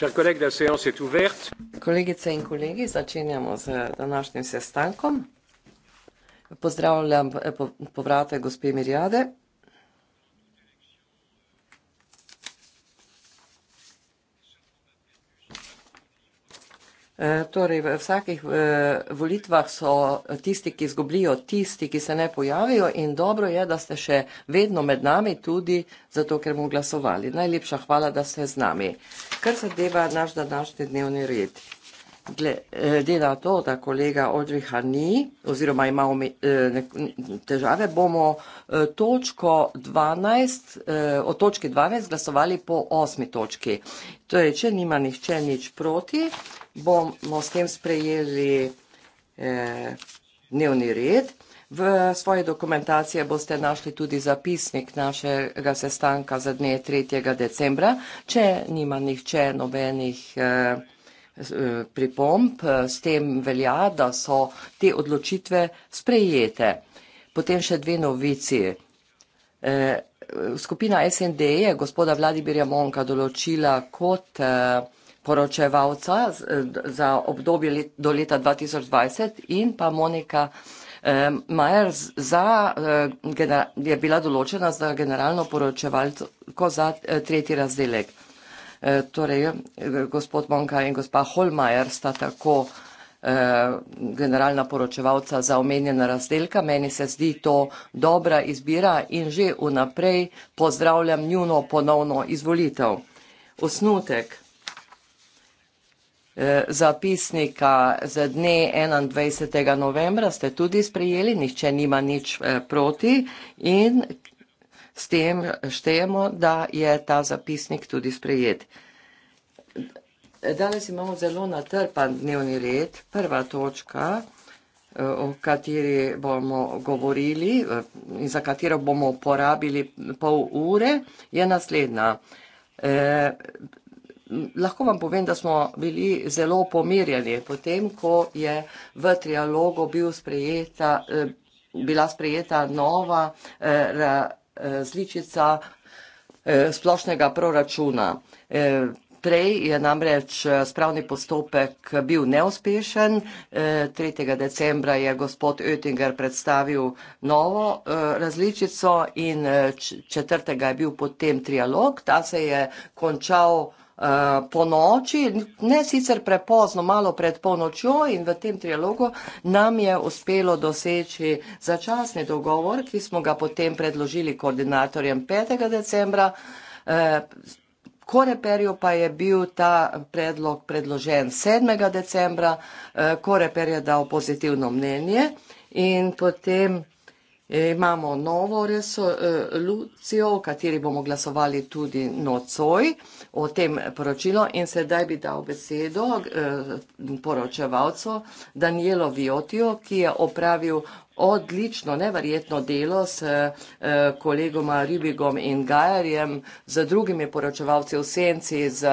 Kolegice in kolegi, začenjamo z današnjim sestankom. Pozdravljam eh, povratek gospe Mirjade. Eh, torej, v vsakih eh, volitvah so tisti, ki izgubljajo, tisti, ki se ne pojavijo in dobro je, da ste še vedno med nami tudi zato, ker bomo glasovali. Najlepša hvala, da ste z nami. Kar zadeva naš današnji dnevni red. Glede na to, da kolega Odriha ni oziroma ima eh, težave, bomo eh, točko 12, eh, o točki 12 glasovali po osmi točki. Torej, če nima nihče nič proti, bomo s tem sprejeli dnevni red. V svoji dokumentaciji boste našli tudi zapisnik našega sestanka za dne 3. decembra. Če nima nihče nobenih. Eh, pripomp, eh, s tem velja, da so te odločitve sprejete. Potem še dve novici. Eh, skupina SND je gospoda Vladimirja Monka določila kot poročevalca za obdobje do leta 2020 in pa Monika Majer za, je bila določena za generalno poročevalko za tretji razdelek. Eh, torej, eh, gospod Monka in gospa Holmajer sta tako eh, generalna poročevalca za omenjena razdelka. Meni se zdi to dobra izbira in že vnaprej pozdravljam njuno ponovno izvolitev. Osnutek zapisnika za dne 21. novembra ste tudi sprejeli, nihče nima nič proti in s tem štejemo, da je ta zapisnik tudi sprejet. Danes imamo zelo natrpan dnevni red. Prva točka, eh, o kateri bomo govorili eh, in za katero bomo porabili pol ure, je naslednja. Eh, lahko vam povem, da smo bili zelo pomirjeni potem, ko je v trialogu bil sprejeta, bila sprejeta nova različica eh, splošnega proračuna. Eh, prej je namreč eh, spravni postopek bil neuspešen, 3. decembra je gospod Oettinger predstavil novo različico in 4. je bil potem trialog, ta se je končal uh, po noči, ne sicer prepozno, malo pred polnočjo in v tem trialogu nam je uspelo doseči začasni dogovor, ki smo ga potem predložili koordinatorjem 5. decembra. Uh, Koreperju pa je bil ta predlog predložen 7. decembra, eh, Koreper je dal pozitivno mnenje in potem imamo novo resolucijo, o kateri bomo glasovali tudi nocoj o tem poročilu in sedaj bi dal besedo eh, poročevalcu Danielu Viotiju, ki je opravil odlično, neverjetno delo s eh, kolegoma Ribigom in Gajarjem, z drugimi poročevalci v senci, z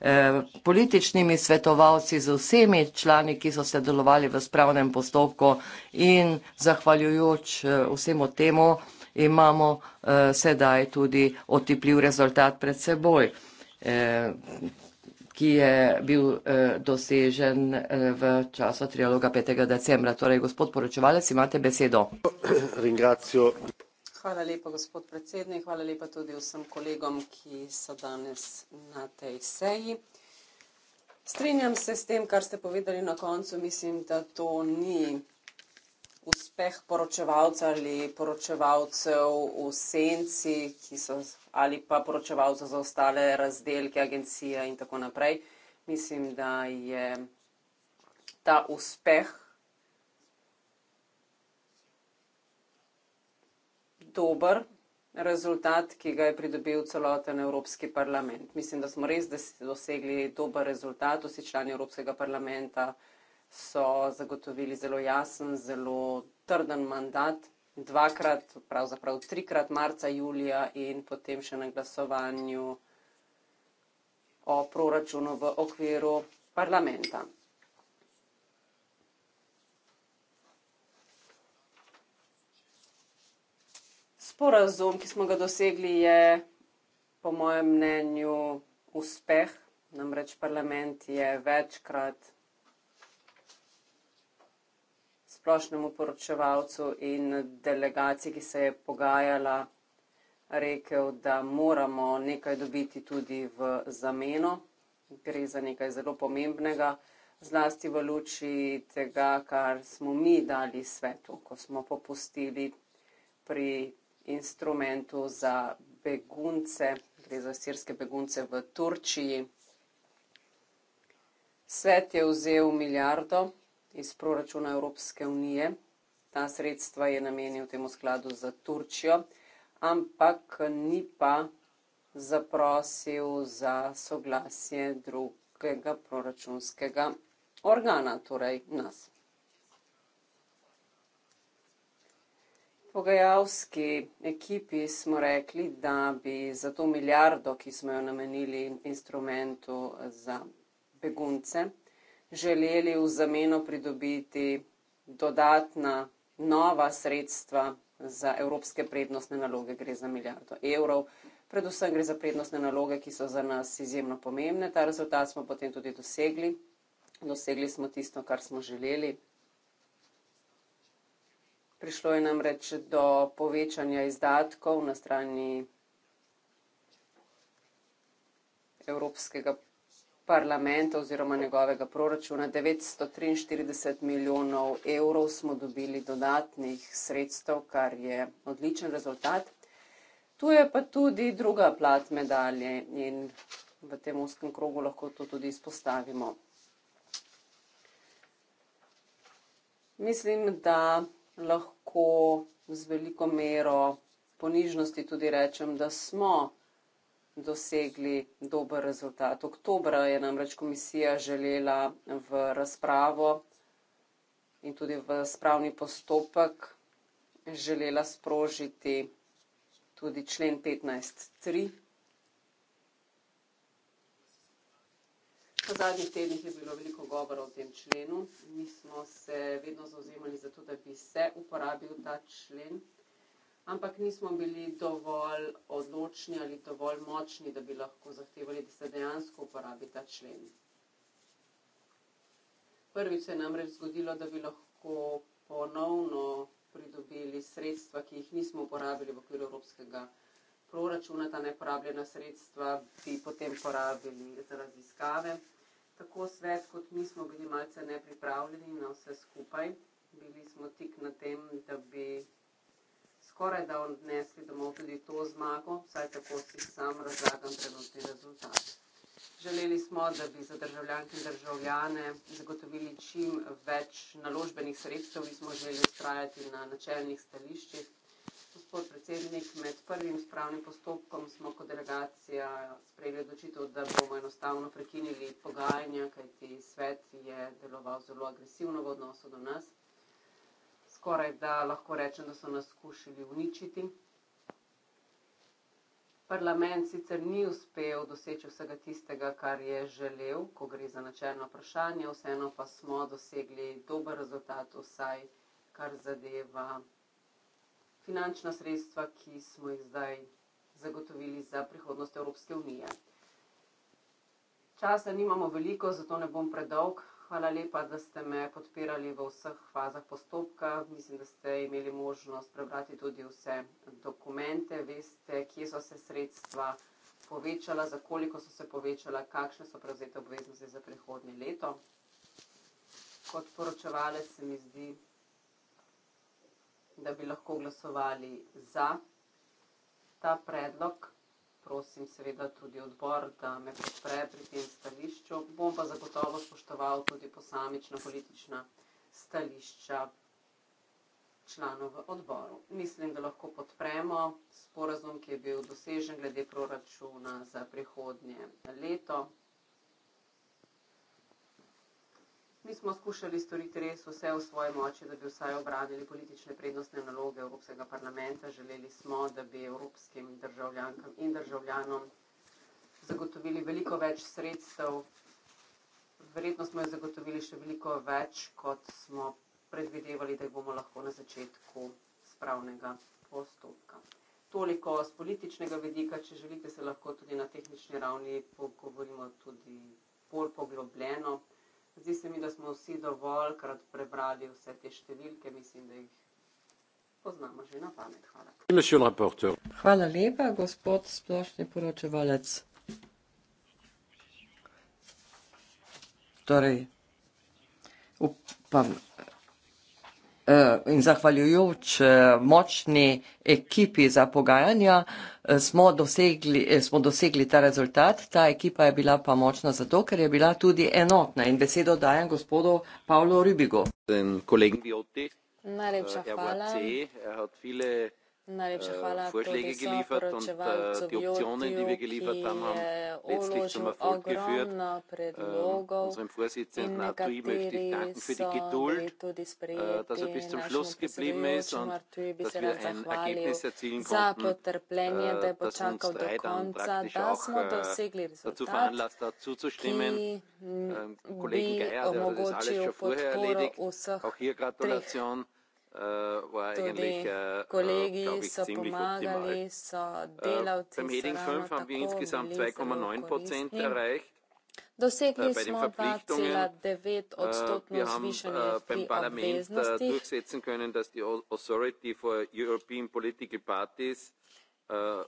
eh, političnimi svetovalci, z vsemi člani, ki so se delovali v spravnem postopku in zahvaljujoč vsemu temu imamo uh, sedaj tudi otipljiv rezultat pred seboj. Uh, Eh, ki je bil eh, dosežen eh, v času trialoga 5. decembra. Torej, gospod poročevalec, imate besedo. Hvala lepa, gospod predsednik. Hvala lepa tudi vsem kolegom, ki so danes na tej seji. Strinjam se s tem, kar ste povedali na koncu. Mislim, da to ni uspeh poročevalca ali poročevalcev v senci, ki so ali pa poročevalca za ostale razdelke, agencije in tako naprej. Mislim, da je ta uspeh dober rezultat, ki ga je pridobil celoten Evropski parlament. Mislim, da smo res dosegli dober rezultat. Vsi člani Evropskega parlamenta so zagotovili zelo jasen, zelo trden mandat dvakrat, pravzaprav trikrat, marca, julija in potem še na glasovanju o proračunu v okviru parlamenta. Sporazum, ki smo ga dosegli, je po mojem mnenju uspeh. Namreč parlament je večkrat splošnemu poročevalcu in delegaciji, ki se je pogajala, rekel, da moramo nekaj dobiti tudi v zameno. Gre za nekaj zelo pomembnega, zlasti v luči tega, kar smo mi dali svetu, ko smo popustili pri instrumentu za begunce, gre za sirske begunce v Turčiji. Svet je vzel milijardo iz proračuna Evropske unije. Ta sredstva je namenil temu skladu za Turčijo, ampak ni pa zaprosil za soglasje drugega proračunskega organa, torej nas. Pogajalski ekipi smo rekli, da bi za to milijardo, ki smo jo namenili instrumentu za begunce, želeli v zameno pridobiti dodatna nova sredstva za evropske prednostne naloge, gre za milijardo evrov. Predvsem gre za prednostne naloge, ki so za nas izjemno pomembne. Ta rezultat smo potem tudi dosegli. Dosegli smo tisto, kar smo želeli. Prišlo je namreč do povečanja izdatkov na strani Evropskega parlamenta oziroma njegovega proračuna 943 milijonov evrov smo dobili dodatnih sredstev, kar je odličen rezultat. Tu je pa tudi druga plat medalje in v tem uskem krogu lahko to tudi izpostavimo. Mislim, da lahko z veliko mero ponižnosti tudi rečem, da smo dosegli dober rezultat. Oktobra je namreč komisija želela v razpravo in tudi v spravni postopek želela sprožiti tudi člen 15.3. V zadnjih tednih je bilo veliko govora o tem členu. Mi smo se vedno zauzemali za to, da bi se uporabil ta člen ampak nismo bili dovolj odločni ali dovolj močni, da bi lahko zahtevali, da se dejansko uporabi ta člen. Prvič se je namreč zgodilo, da bi lahko ponovno pridobili sredstva, ki jih nismo uporabili v okviru evropskega proračuna, ta neporabljena sredstva bi potem porabili za raziskave. Tako svet kot mi smo bili malce nepripravljeni na vse skupaj. Bili smo tik na tem, da bi skoraj da odnesli domov tudi to zmago, vsaj tako si sam razlagam trenutni rezultat. Želeli smo, da bi za državljanke in državljane zagotovili čim več naložbenih sredstev, mi smo želeli ustrajati na načelnih stališčih. Gospod predsednik, med prvim spravnim postopkom smo kot delegacija sprejeli odločitev, da bomo enostavno prekinili pogajanja, kajti svet je deloval zelo agresivno v odnosu do nas skoraj da lahko rečem, da so nas skušali uničiti. Parlament sicer ni uspel doseči vsega tistega, kar je želel, ko gre za načelno vprašanje, vseeno pa smo dosegli dober rezultat, vsaj kar zadeva finančna sredstva, ki smo jih zdaj zagotovili za prihodnost Evropske unije. Časa nimamo veliko, zato ne bom predolg. Hvala lepa, da ste me podpirali v vseh fazah postopka. Mislim, da ste imeli možnost prebrati tudi vse dokumente, veste, kje so se sredstva povečala, za koliko so se povečala, kakšne so prevzete obveznosti za prihodnje leto. Kot poročevalec se mi zdi, da bi lahko glasovali za ta predlog prosim seveda tudi odbor, da me podpre pri tem stališču. Bom pa zagotovo spoštoval tudi posamična politična stališča članov v odboru. Mislim, da lahko podpremo sporazum, ki je bil dosežen glede proračuna za prihodnje leto. Mi smo skušali storiti res vse v svoji moči, da bi vsaj obradili politične prednostne naloge Evropskega parlamenta. Želeli smo, da bi evropskim državljankam in državljanom zagotovili veliko več sredstev. Verjetno smo jih zagotovili še veliko več, kot smo predvidevali, da jih bomo lahko na začetku spravnega postopka. Toliko z političnega vidika, če želite, se lahko tudi na tehnični ravni pogovorimo tudi bolj poglobljeno. Zdi se mi, da smo vsi dovoljkrat prebrali vse te številke, mislim, da jih poznamo že na pamet. Hvala. Hvala lepa, gospod splošni poročevalec. Torej, upam, Eh, in zahvaljujoč eh, močni ekipi za pogajanja eh, smo dosegli, smo dosegli ta rezultat. Ta ekipa je bila pa močna zato, ker je bila tudi enotna. In besedo dajem gospodu Pavlu Rubigu. Najlepša hvala. Najlepša eh, hvala, eh, eh, predsedujoči. Ki je uložil ogromno predlogov, nekateri so bili tudi sprejeti na našem predsedujočem Artuji, bi se rad zahvalil za potrpljenje, da je počakal do konca, da smo dosegli rezultat, ki bi omogočil podporo vseh treh Uh, well, Tudi uh, kolegi uh, so pomagali, so delavci. Uh, so bili bili Dosegli uh, smo pa cela 9 odstotno uh, zvišanje uh, pri obveznosti. Uh,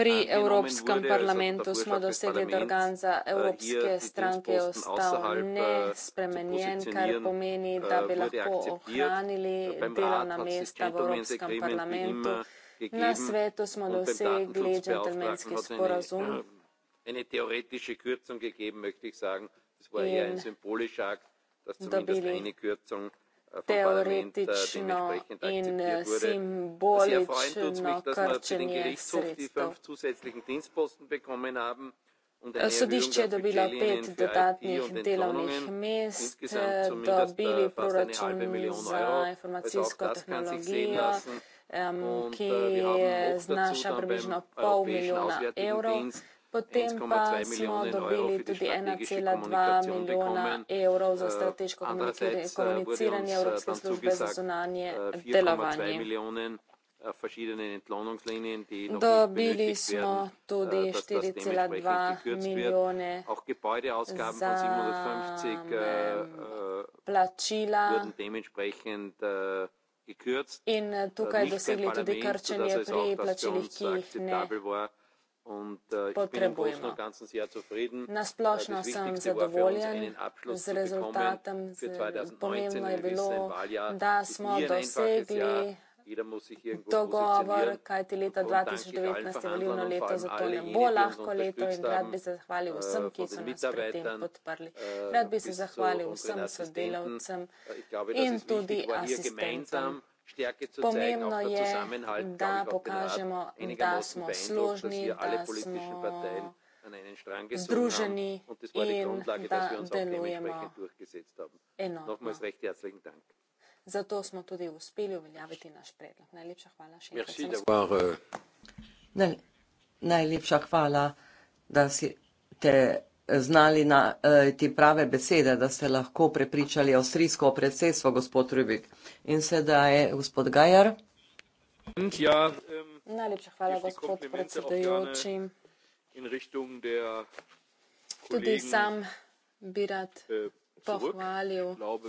Pri Evropskem parlamentu smo dosegli, da organ za evropske eh, stranke je ostal eh, eh, nespremenjen, kar pomeni, da bi lahko ohranili delovna mesta v Evropskem parlamentu. Na svetu smo dosegli džentlmenski sporazum. Ja in dobili Eh, teoretično in eh, simbolično krčenje sredstev. Sodišče je dobilo pet dodatnih delovnih mest, dobili proračun za informacijsko tehnologijo, ki znaša približno pol milijona er evrov. Potem pa smo dobili tudi 1,2 milijona evrov za eh, strateško eh, komuniciranje eh, Evropske službe za zunanje delovanje. Dobili smo tudi 4,2 milijone za äh, äh, plačila äh, in tukaj dosegli tudi krčenje pri plačilih, ki jih ne. Äh, potrebujemo. Na splošno äh, sem zadovoljen z rezultatom. Pomembno je bilo, da smo dosegli ja, dogovor, kajti leta 2019 je volilno leto, zato ne bo lahko leto in äh, rad bi se zahvalil vsem, ki so nas pri tem podprli. Rad bi se zahvalil vsem sodelavcem in tudi asistentom. Pomembno je, da pokažemo, da smo složni, da smo združeni in da delujemo enotno. Zato smo tudi uspeli uveljaviti naš predlog. Najlepša hvala še enkrat. Eh, najlepša hvala, da si te znali najti eh, prave besede, da ste lahko prepričali avstrijsko predsedstvo, gospod Rubik. In sedaj je gospod Gajar. Ja, um, Najlepša hvala, gospod predsedujoči. Tudi sam bi rad äh, pohvalil. Glaube,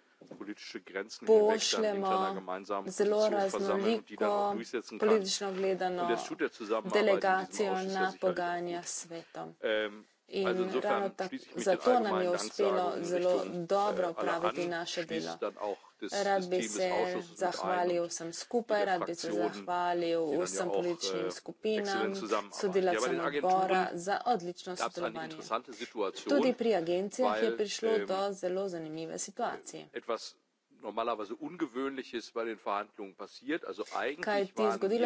politische Grenzen pošljemo zelo raznoliko politično gledano delegacijo na pogajanja s svetom. Ähm, in ravno tak, zato nam je uspelo zelo dobro upraviti äh, naše delo. Rad bi se zahvalil vsem skupaj, rad bi se zahvalil vsem eh, političnim skupinam, sodelavcem odbora za odlično sodelovanje. Tudi pri agencijah je prišlo do ähm, zelo zanimive situacije normalerweise ungewöhnliches bei den Verhandlungen passiert. Also eigentlich waren wir,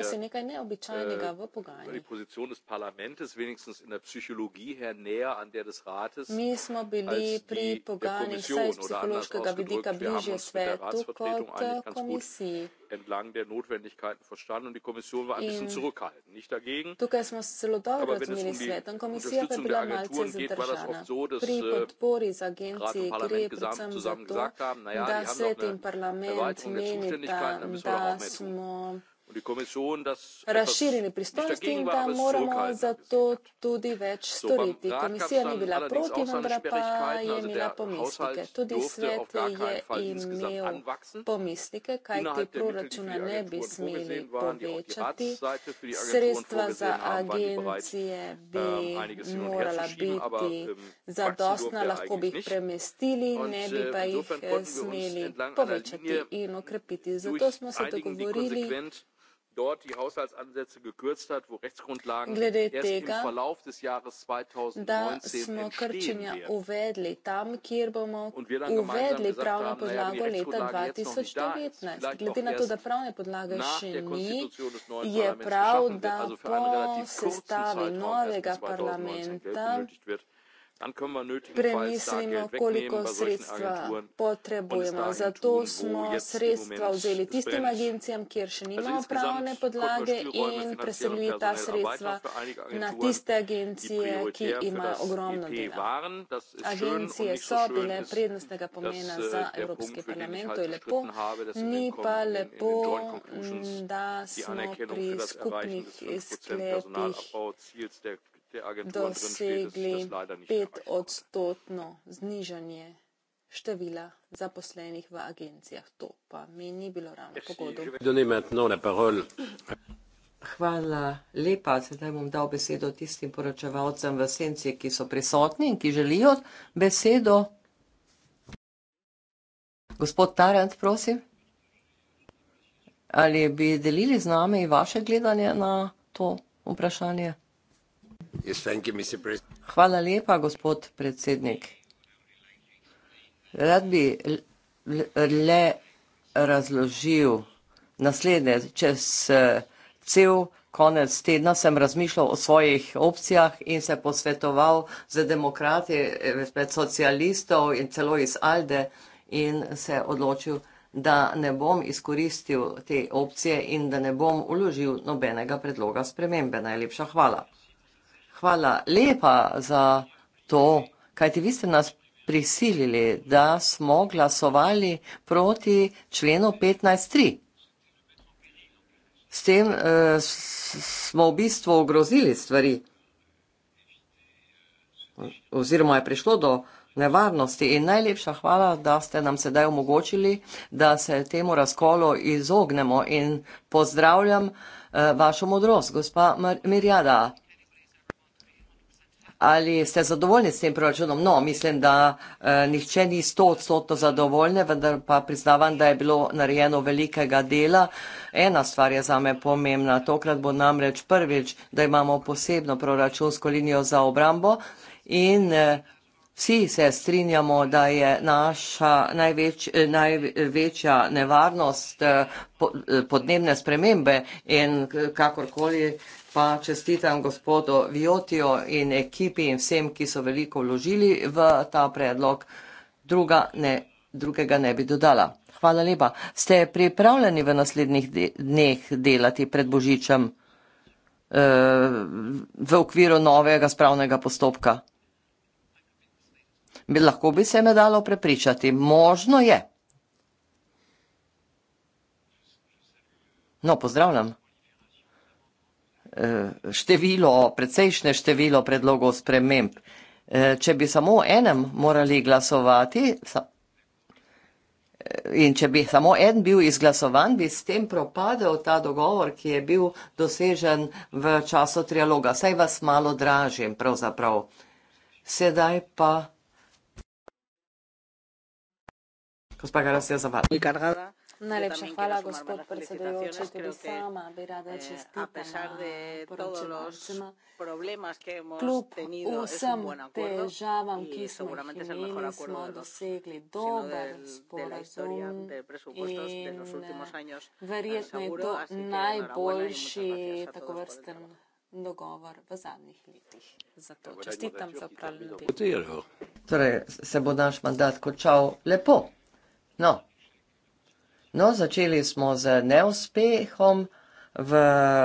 äh, die Position des Parlaments wenigstens in der Psychologie her näher an der des Rates als die der Kommission oder anders ausgedrückt. Wir haben uns mit der Ratsvertretung eigentlich ganz gut entlang der Notwendigkeiten verstanden und die Kommission war ein bisschen zurückhaltend, nicht dagegen. Aber wenn es um die Unterstützung der Agenturen geht, war das oft so, dass äh, gerade im Parlament gesamt zusammen gesagt haben, naja, die haben noch eine Erweiterung der Zuständigkeiten, da müssen wir auch mehr tun razširjeni pristojnosti in da moramo zato tudi več storiti. Komisija ni bila proti, vendar pa je imela pomislike. Tudi svet je imel pomislike, kaj ti proračuna ne bi smeli povečati. Sredstva za agencije bi ähm, morala biti ähm, zadostna, lahko bi jih premestili, ne bi äh, pa jih smeli povečati in okrepiti. Zato smo se dogovorili, dort die Haushaltsansätze gekürzt hat, wo Rechtsgrundlagen tega, erst im Verlauf des Jahres 2019 entstehen werden. Tam, kjer bomo Und wir dann uvedli pravno haben, podlago ja, leta 2019. Glede na to, da pravne podlage še ni, je prav, da po sestavi novega parlamenta 2019, Premislimo, koliko sredstva potrebujemo. Zato smo sredstva vzeli tistim agencijam, kjer še nimamo pravne podlage in preselili ta sredstva na tiste agencije, ki imajo ogromno e dela. Agencije so bile prednostnega pomena äh, za Evropski parlament, to je lepo, ni pa lepo, mm, da smo pri skupnih sklepih dosegli petodstotno znižanje števila zaposlenih v agencijah. To pa mi ni bilo ravno pogodo. Hvala lepa. Sedaj bom dal besedo tistim poročevalcem v senci, ki so prisotni in ki želijo besedo. Gospod Tarant, prosim. Ali bi delili z nami vaše gledanje na to vprašanje? Hvala lepa, gospod predsednik. Rad bi le razložil naslednje. Čez cel konec tedna sem razmišljal o svojih opcijah in se posvetoval z demokrati, med socialistov in celo iz Alde in se odločil, da ne bom izkoristil te opcije in da ne bom uložil nobenega predloga spremembe. Najlepša hvala. Hvala lepa za to, kajti vi ste nas prisilili, da smo glasovali proti členu 15.3. S tem eh, smo v bistvu ogrozili stvari oziroma je prišlo do nevarnosti in najlepša hvala, da ste nam sedaj omogočili, da se temu razkolo izognemo in pozdravljam eh, vašo modrost, gospa Mirjada. Mar- Ali ste zadovoljni s tem proračunom? No, mislim, da eh, nihče ni sto odstotno zadovoljne, vendar pa priznavam, da je bilo narejeno velikega dela. Ena stvar je za me pomembna. Tokrat bo namreč prvič, da imamo posebno proračunsko linijo za obrambo in eh, Vsi se strinjamo, da je naša največ, eh, največja nevarnost eh, eh, podnebne spremembe in kakorkoli pa čestitam gospodu Viotijo in ekipi in vsem, ki so veliko vložili v ta predlog. Druga ne, drugega ne bi dodala. Hvala lepa. Ste pripravljeni v naslednjih dneh delati pred Božičem eh, v okviru novega spravnega postopka? Lahko bi se me dalo prepričati. Možno je. No, pozdravljam število, precejšnje število predlogov sprememb. E, če bi samo o enem morali glasovati in če bi samo en bil izglasovan, bi s tem propadel ta dogovor, ki je bil dosežen v času trialoga. Saj vas malo dražim, pravzaprav. Sedaj pa. Gospa Garas je zavadila. Najlepša hvala, gospod predsedujoči. Tudi sama bi rada eh, čestitala poročevalcima. Kljub vsem težavam, ki smo jih imeli, smo dosegli no dober sporazum in eh, verjetno je to najboljši takovrsten dogovor v zadnjih letih. Zato čestitam za prav ljudi. Torej, se bo naš mandat končal lepo. No. No, začeli smo z neuspehom v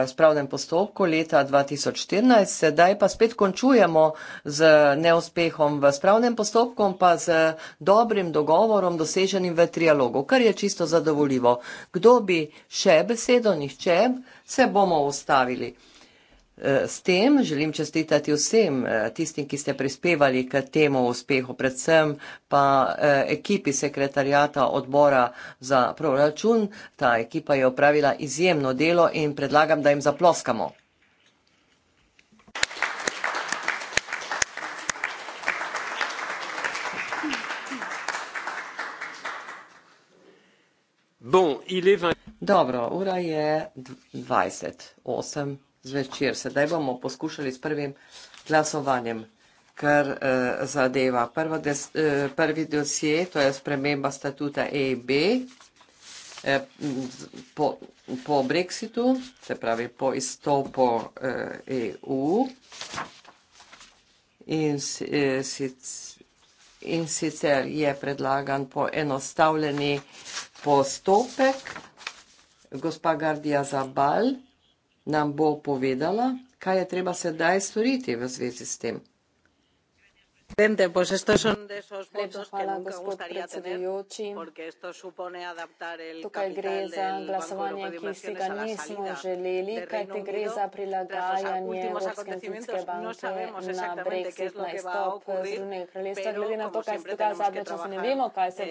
spravnem postopku leta 2014, sedaj pa spet končujemo z neuspehom v spravnem postopku, pa z dobrim dogovorom doseženim v trialogu, kar je čisto zadovoljivo. Kdo bi še besedo, nihče, se bomo ustavili. S tem želim čestitati vsem eh, tistim, ki ste prispevali k temu uspehu, predvsem pa eh, ekipi sekretarjata odbora za proračun. Ta ekipa je opravila izjemno delo in predlagam, da jim zaploskamo. Dobro, ura je 28 zvečer. Sedaj bomo poskušali s prvim glasovanjem kar eh, zadeva. Prvo des, eh, prvi dosje, to je sprememba statuta EIB eh, po, po Brexitu, se pravi po izstopu eh, EU in, eh, in sicer je predlagan poenostavljeni postopek gospa Gardija Zabal nam bo povedala, kaj je treba sedaj storiti v zvezi s tem presidente pues estos son de esos votos que nunca gustaría tener porque esto supone adaptar el capital del Banco Europeo de Inversiones a la salida del Reino Unido. Tras los últimos acontecimientos no sabemos no exactamente qué es lo que va a ocurrir, pero como siempre tenemos que trabajar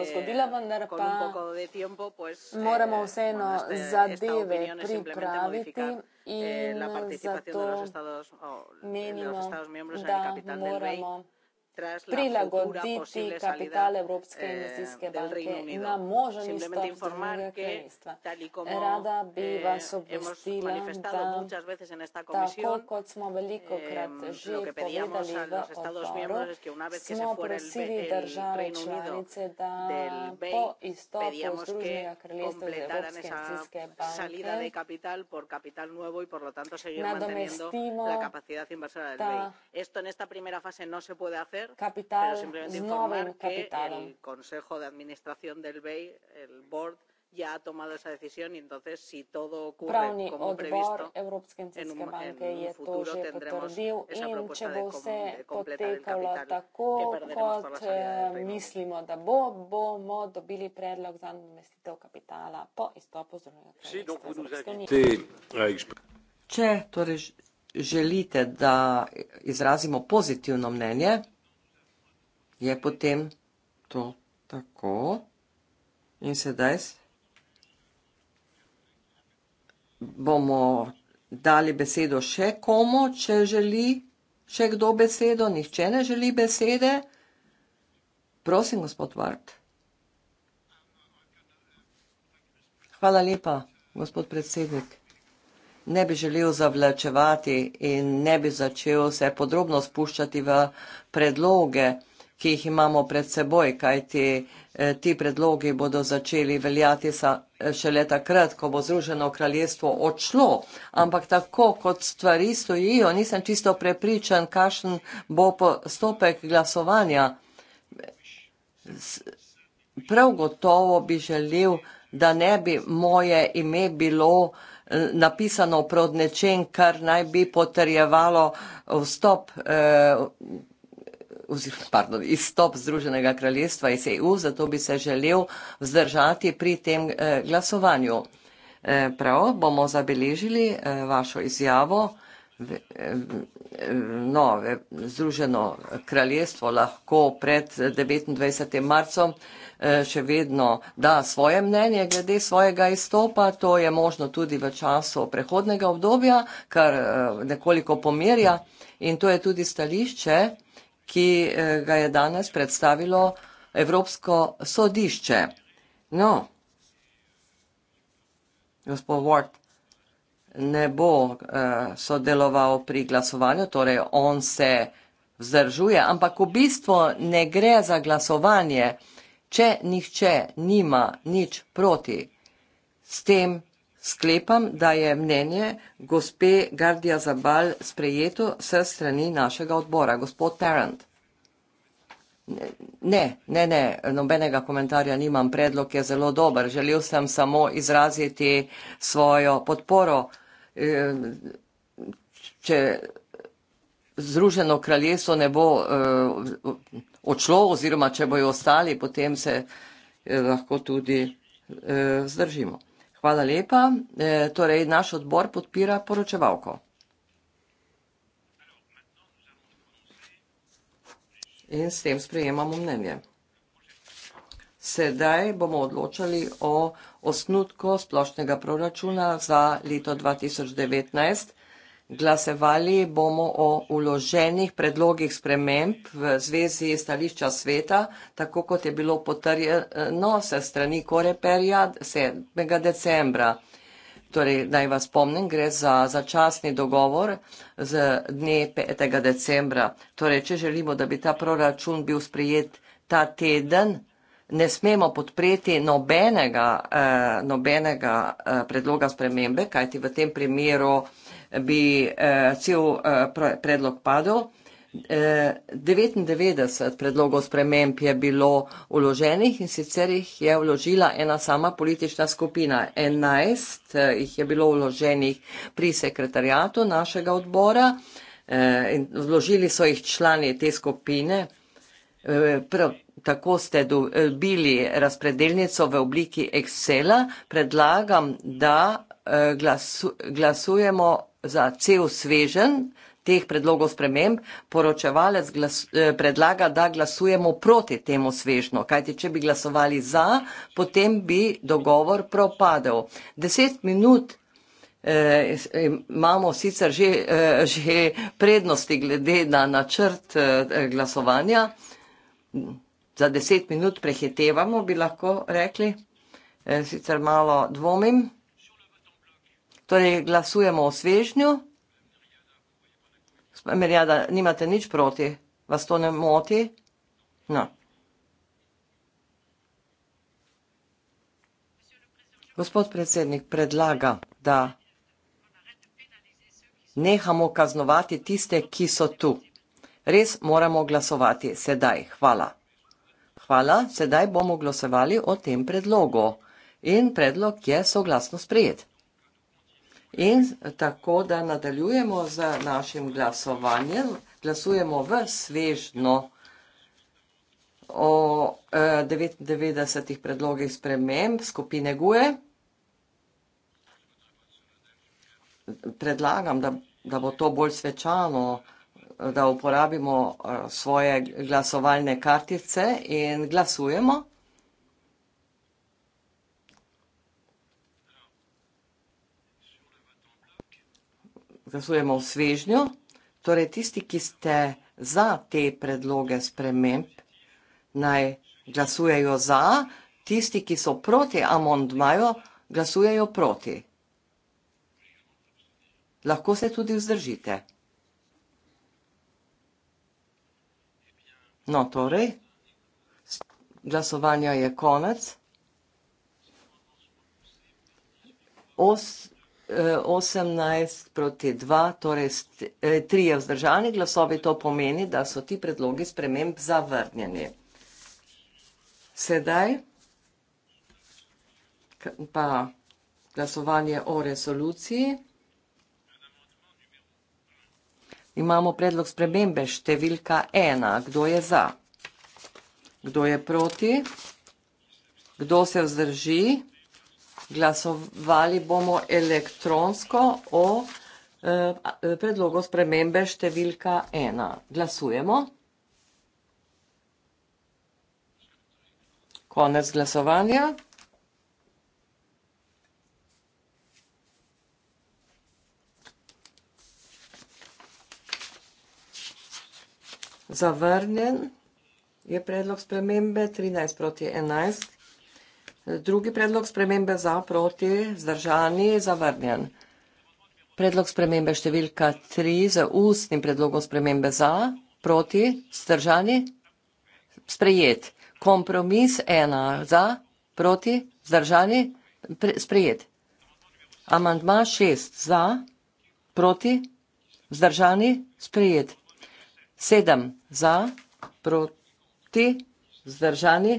eh, con un poco de tiempo, pues eh, con este, esta opinión es simplemente modificar. Eh, la participación de los, estados, oh, de los Estados miembros en el capital del BEI prilagoditi kapital Evropske eh, investicijske banke na možen izstop z drugega kraljestva. Rada bi eh, vas obvestila, da tako kot smo veliko krat že povedali v odboru, smo prosili države članice, da po izstopu z drugega kraljestva iz Evropske investicijske banke nadomestimo ta Esto en esta primera fase no se puede hacer capital, pero de informar que capital. el Consejo de Administración del BEI, el Board, ya ha tomado esa decisión y entonces si todo ocurre Pravni como odbor, previsto, en un, en un futuro tendremos potrdil, esa propuesta de, com, de completar el capital tako, kot, por la mislimo, da bo, bomo dobili predlog za investitev kapitala po izstopu z Unije. Če torej želite, da izrazimo pozitivno mnenje, je potem to tako. In sedaj bomo dali besedo še komu, če želi še kdo besedo, nihče ne želi besede. Prosim, gospod Vart. Hvala lepa, gospod predsednik. Ne bi želel zavlačevati in ne bi začel se podrobno spuščati v predloge ki jih imamo pred seboj, kajti eh, ti predlogi bodo začeli veljati eh, šele takrat, ko bo Združeno kraljestvo odšlo. Ampak tako kot stvari stojijo, nisem čisto prepričan, kakšen bo postopek glasovanja. Prav gotovo bi želel, da ne bi moje ime bilo eh, napisano prod nečem, kar naj bi potrjevalo vstop eh, pardon, izstop Združenega kraljestva iz EU, zato bi se želel vzdržati pri tem eh, glasovanju. Eh, prav, bomo zabeležili eh, vašo izjavo. No, Združeno kraljestvo lahko pred 29. marcom še vedno da svoje mnenje glede svojega izstopa. To je možno tudi v času prehodnega obdobja, kar nekoliko pomerja. In to je tudi stališče ki eh, ga je danes predstavilo Evropsko sodišče. No, gospod Ward ne bo uh, sodeloval pri glasovanju, torej on se vzdržuje, ampak v bistvu ne gre za glasovanje, če nihče nima nič proti s tem, Sklepam, da je mnenje gospe Gardija Zabal sprejeto s strani našega odbora. Gospod Tarant. Ne, ne, ne, nobenega komentarja nimam. Predlog je zelo dober. Želel sem samo izraziti svojo podporo. Eh, če Združeno kraljestvo ne bo eh, odšlo oziroma, če bojo ostali, potem se eh, lahko tudi zdržimo. Hvala lepa. E, torej, naš odbor podpira poročevalko. In s tem sprejemamo mnenje. Sedaj bomo odločali o osnutku splošnega proračuna za leto 2019 glasovali bomo o uloženih predlogih sprememb v zvezi stališča sveta, tako kot je bilo potrjeno se strani Koreperja 7. decembra. Torej, naj vas spomnim, gre za začasni dogovor z dne 5. decembra. Torej, če želimo, da bi ta proračun bil sprejet ta teden, ne smemo podpreti nobenega, eh, nobenega eh, predloga spremembe, kajti v tem primeru eh, bi eh, cel eh, predlog padel. Eh, 99 predlogov sprememb je bilo uloženih in sicer jih je uložila ena sama politična skupina. 11 eh, jih je bilo uloženih pri sekretarjatu našega odbora eh, in vložili so jih člani te skupine. Eh, prav, tako ste dobili razpredelnico v obliki Excela. Predlagam, da eh, glasu, glasujemo za cel svežen teh predlogov sprememb, poročevalec glas, eh, predlaga, da glasujemo proti temu svežno, kajti če bi glasovali za, potem bi dogovor propadel. Deset minut eh, imamo sicer že, eh, že prednosti glede na načrt eh, glasovanja. Za deset minut prehitevamo, bi lahko rekli, eh, sicer malo dvomim. Torej, glasujemo o svežnju. Merjada, nimate nič proti? Vas to ne moti? No. Gospod predsednik predlaga, da nehamo kaznovati tiste, ki so tu. Res moramo glasovati sedaj. Hvala. Hvala. Sedaj bomo glasovali o tem predlogu. In predlog je soglasno sprejet. In tako, da nadaljujemo z našim glasovanjem, glasujemo v svežno o e, eh, 99 predlogih sprememb skupine GUE. Predlagam, da, da bo to bolj svečano, da uporabimo eh, svoje glasovalne kartice in glasujemo. glasujemo v svežnju. Torej, tisti, ki ste za te predloge sprememb, naj glasujejo za, tisti, ki so proti amondmaju, glasujejo proti. Lahko se tudi vzdržite. No, torej, glasovanja je konec. 18 proti 2, torej 3 eh, je vzdržani glasovi, to pomeni, da so ti predlogi sprememb zavrnjeni. Sedaj pa glasovanje o resoluciji. Imamo predlog spremembe številka 1. Kdo je za? Kdo je proti? Kdo se vzdrži? Kdo se vzdrži? glasovali bomo elektronsko o eh, predlogu spremembe številka ena. Glasujemo. Konec glasovanja. Zavrnjen je predlog spremembe 13 proti 11. Drugi predlog spremembe za proti zdržani zavrnjen. Predlog spremembe številka 3 z ustnim predlogom spremembe za proti zdržani sprejet. Kompromis 1 za proti zdržani pre, sprejet. Amandma 6 za proti zdržani sprejet. 7 za proti zdržani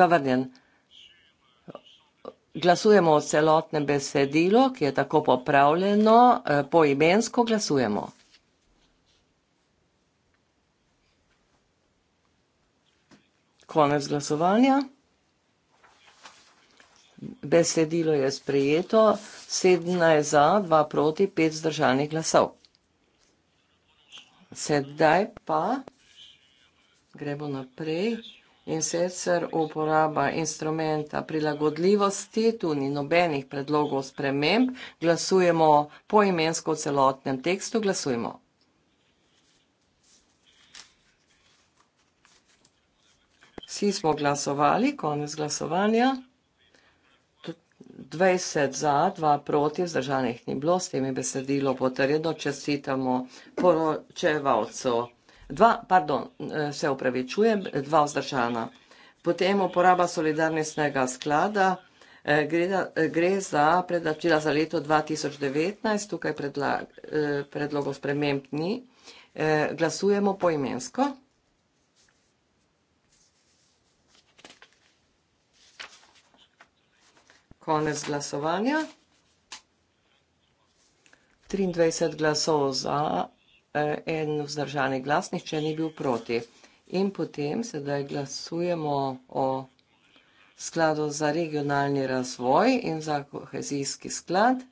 zavrnjen glasujemo o celotnem besedilu, ki je tako popravljeno, eh, poimensko glasujemo. Konec glasovanja. Besedilo je sprejeto, sedna je za, dva proti, pet zdržanih glasov. Sedaj pa gremo naprej in sicer uporaba instrumenta prilagodljivosti, tu ni nobenih predlogov sprememb, glasujemo poimensko v celotnem tekstu, glasujemo. Vsi smo glasovali, konec glasovanja. 20 za, 2 proti, vzdržanih ni bilo, s temi besedilo potrjeno, čestitamo poročevalcu dva, pardon, e, se upravičujem, dva vzdržana. Potem uporaba solidarnostnega sklada, e, gre, e, gre za predplačila za leto 2019, tukaj predlag, predlogov sprememb ni. Glasujemo poimensko. Konec glasovanja. 23 glasov za, en vzdržani glas, nihče ni bil proti. In potem sedaj glasujemo o skladu za regionalni razvoj in za kohezijski sklad.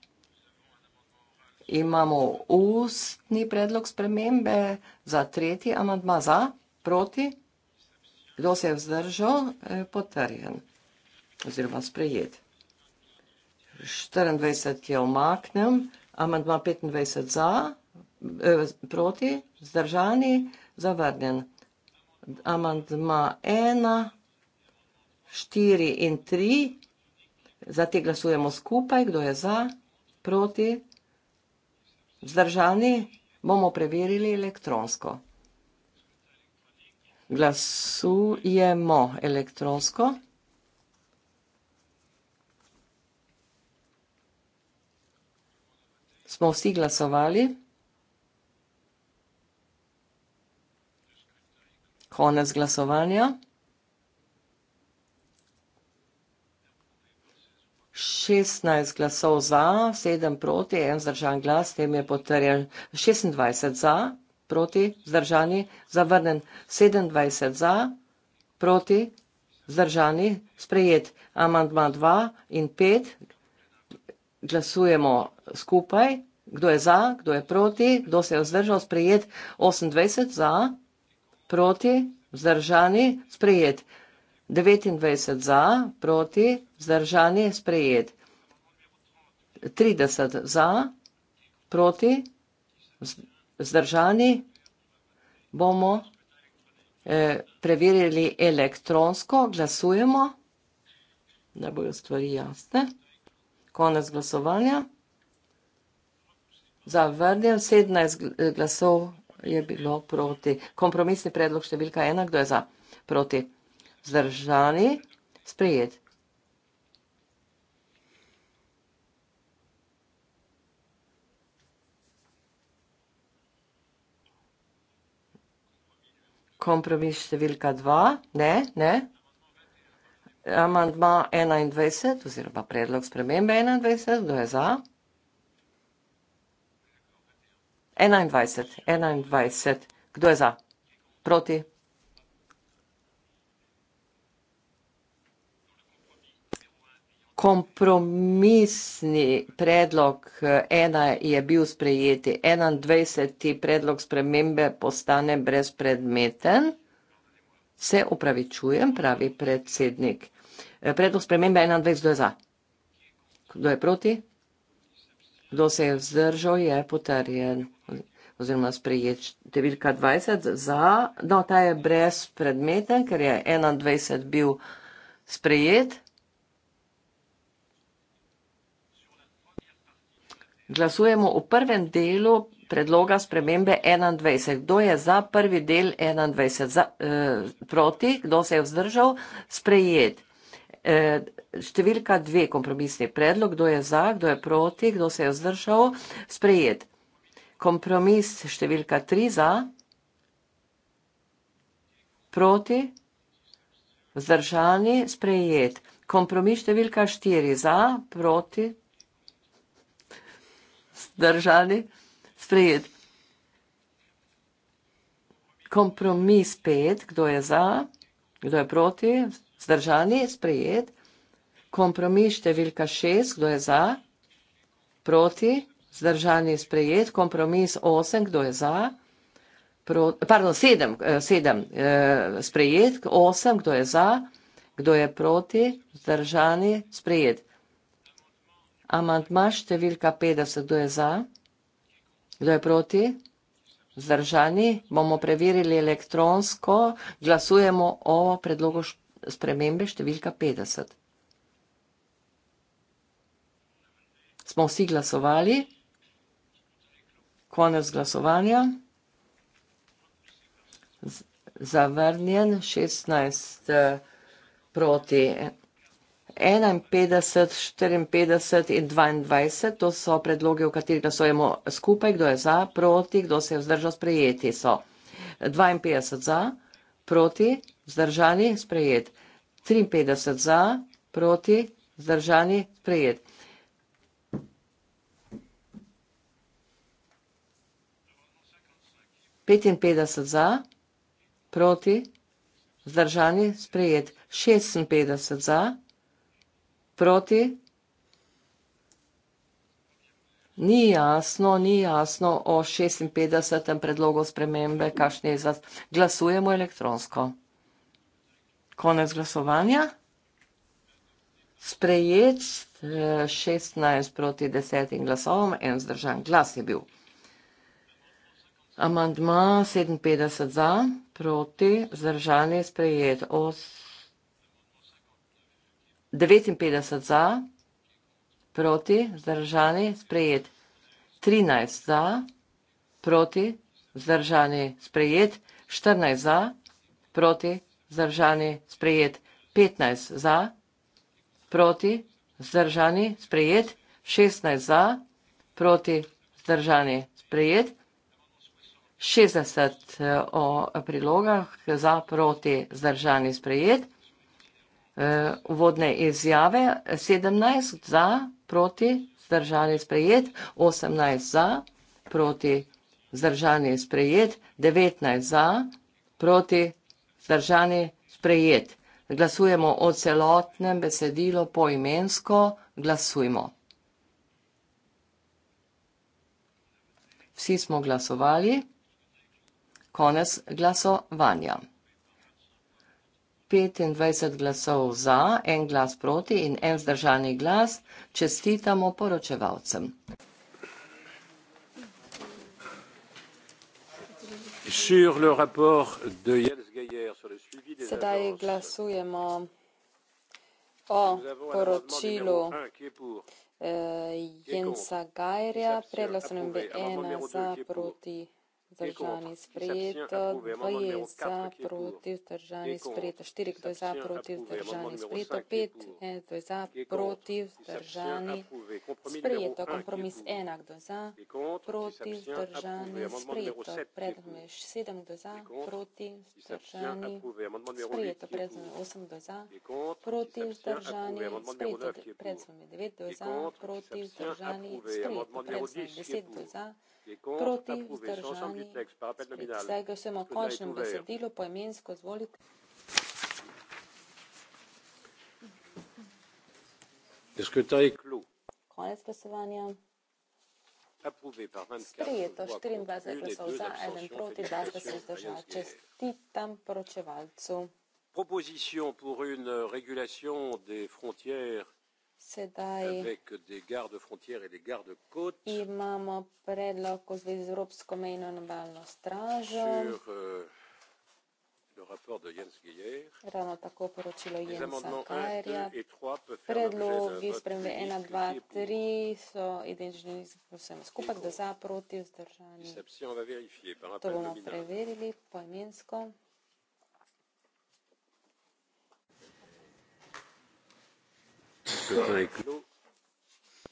Imamo ustni predlog spremembe za tretji amadma za, proti. Kdo se je vzdržal, e, potrjen oziroma sprejet. 24 je omaknem, amadma 25 za. Eh, proti, zdržani, zavrnjen. Amandma ena, štiri in tri, za te glasujemo skupaj, kdo je za, proti, zdržani, bomo preverili elektronsko. Glasujemo elektronsko. Smo vsi glasovali. Konec glasovanja. Šestnajst glasov za, sedem proti, en zdržan glas, tem je potrjen šestindvajset za, proti, zdržani, zavrnen sedemindvajset za, proti, zdržani, sprejet amandma dva in pet. Glasujemo skupaj, kdo je za, kdo je proti, kdo se je vzdržal, sprejet osemindvajset za proti, vzdržani, sprejet. 29 za, proti, vzdržani, sprejet. 30 za, proti, vzdržani, bomo eh, preverili elektronsko, glasujemo, da bojo stvari jasne. Konec glasovanja. Zavrnjen, 17 glasov je bilo proti. Kompromisni predlog številka ena, kdo je za? Proti. Zdržani. Sprejet. Kompromis številka dva. Ne, ne. Amandma 21 oziroma predlog spremembe 21, kdo je za? 21, 21. Kdo je za? Proti? Kompromisni predlog ena je bil sprejeti, 21. predlog spremembe postane brezpredmeten. Se upravičujem, pravi predsednik. Predlog spremembe 21. Kdo je za? Kdo je proti? Kdo se je vzdržal, je potrjen oziroma sprejet številka 20 za, no, ta je brez predmeten, ker je 21 bil sprejet. Glasujemo v prvem delu predloga spremembe 21. Kdo je za prvi del 21? Za, eh, proti, kdo se je vzdržal? Sprejet. Eh, številka dve kompromisni predlog, kdo je za, kdo je proti, kdo se je vzdržal? Sprejet kompromis številka tri za, proti, vzdržani, sprejet. Kompromis številka štiri za, proti, vzdržani, sprejet. Kompromis pet, kdo je za, kdo je proti, vzdržani, sprejet. Kompromis številka šest, kdo je za, proti, vzdržani, sprejet. Zdržan je sprejet, kompromis 8, kdo je za? Pro, pardon, 7, 7 eh, eh, sprejet, 8, kdo je za, kdo je proti, zdržan je sprejet. Amantma številka 50, kdo je za, kdo je proti, zdržan je, bomo preverili elektronsko, glasujemo o predlogu spremembe številka 50. Smo vsi glasovali. Konec glasovanja. Zavrnjen 16 eh, proti 51, 54 in 22. To so predloge, v katerih glasujemo skupaj, kdo je za, proti, kdo se je vzdržal sprejeti. So 52 za, proti, vzdržani sprejet. 53 za, proti, vzdržani sprejet. 55 za, proti, zdržani, sprejet. 56 za, proti. Ni jasno, ni jasno o 56. predlogu spremembe, kakšni je za. Glasujemo elektronsko. Konec glasovanja. Sprejet 16 eh, proti 10 glasovom, en zdržan glas je bil. Amandma 57 za, proti, zdržan je sprejet. Os... 59 za, proti, zdržan je sprejet. 13 za, proti, zdržan je sprejet. 14 za, proti, zdržan je sprejet. 15 za, proti, zdržan je sprejet. 16 za, proti, zdržan je sprejet. 60 eh, o prilogah za proti zdržani sprejet. Eh, Vodne izjave 17 za proti zdržani sprejet, 18 za proti zdržani sprejet, 19 za proti zdržani sprejet. Glasujemo o celotnem besedilo poimensko, glasujmo. Vsi smo glasovali. Konec glasovanja. 25 glasov za, en glas proti in en zdržani glas čestitamo poročevalcem. Sedaj glasujemo o poročilu eh, Jensa Gajerja, predlasenem bi ena za proti 2. Zdržani sprejeto, dvoje za, proti, vzdržani sprejeto, štiri, kdo je za, proti, vzdržani sprejeto, pet, kdo je za, proti, vzdržani sprejeto, kompromis ena, kdo je za, proti, vzdržani sprejeto, predmež sedem, kdo je za, proti, vzdržani sprejeto, predmež osem, kdo je za, proti, vzdržani sprejeto, predmež devet, kdo je za, proti, vzdržani sprejeto, predmež deset, kdo je za, proti vzdržani vsega. Vsemo končnem besedilu po imensko zvolite. Konec glasovanja. Sprijeto 24 glasov za, eden proti, da ste se vzdržali. Čestitam poročevalcu. Proposition pour une régulation des frontières Sedaj imamo predlog v zvezi z Evropsko mejno in obalno stražo. Euh, le rapport de Jens Guyer, tako, les Jensa amendements Kairia. 1, 2 et 3 peuvent faire l'objet d'un vote unique qui est pour. Et contre, l'exception va vérifier par un appel nominal.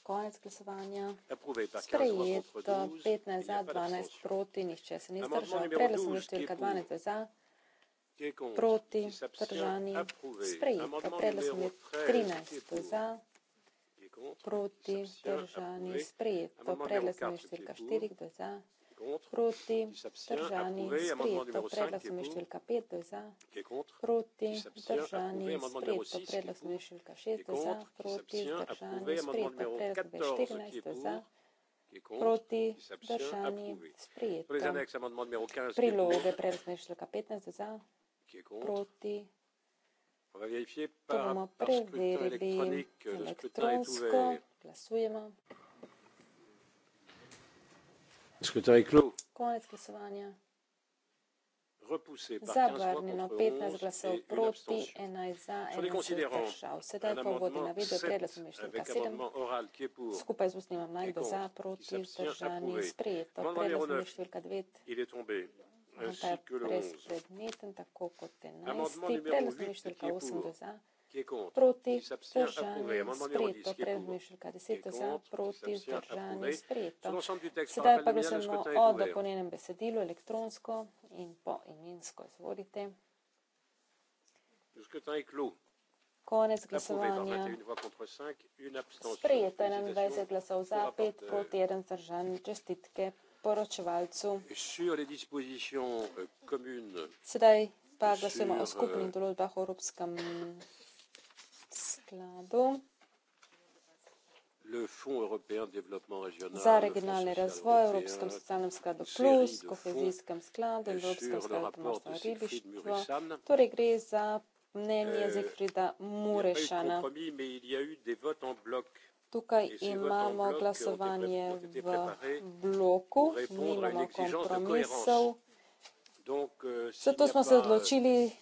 Konec glasovanja. Ja, sprejet 15 eh, za, 12 proti, nihče se ni zdržal. Predlog ja, sem ja, številka 12 za, proti, zdržani. Sprejet. Predlog sem 13 za, proti, zdržani. Sprejet. Predlog sem številka 4 za proti, vzdržani, sprejeto. Predlog smo številka 5, to je za, proti, vzdržani, sprejeto. Predlog smo številka 6, to je za, proti, vzdržani, sprejeto. Predlog smo številka 14, to je za. Proti, vzdržani, sprejeto. Priloge predlog številka 15, to je za, proti. Bomo preverili elektronsko, glasujemo konec glasovanja zavrnjeno petnajst glasov proti enajst za enajst vzdržal sedaj pa vodi na video predlog zamišljenka sedem skupaj z ustnim amandmajem bo za proti vzdržani sprejeto predlog zamišljenka devet ta je brezpredmeten tako kot enajsti predlog zamišljenka osem bo za qui est contre, proti vzdržanim spretu, predmišljal, kaj deset za proti vzdržanim spretu. Sedaj pa glasujemo o dopolnjenem besedilu elektronsko in po imensko, izvolite. Konec glasovanja. Sprejeto 21 glasov za, 5 proti 1 eh, vzdržan. Čestitke poročevalcu. Euh, Sedaj pa glasujemo o skupnih euh, določbah v Evropskem parlamentu skladu za regionalni razvoj, Evropskem socialnem skladu plus, kohezijskem skladu, Evropskem skladu pomorstva ribištvo. Torej gre za mnenje Zekfrida euh, Murešana. Tukaj imamo glasovanje v bloku, nimamo kompromisov. Euh, Zato smo se odločili euh,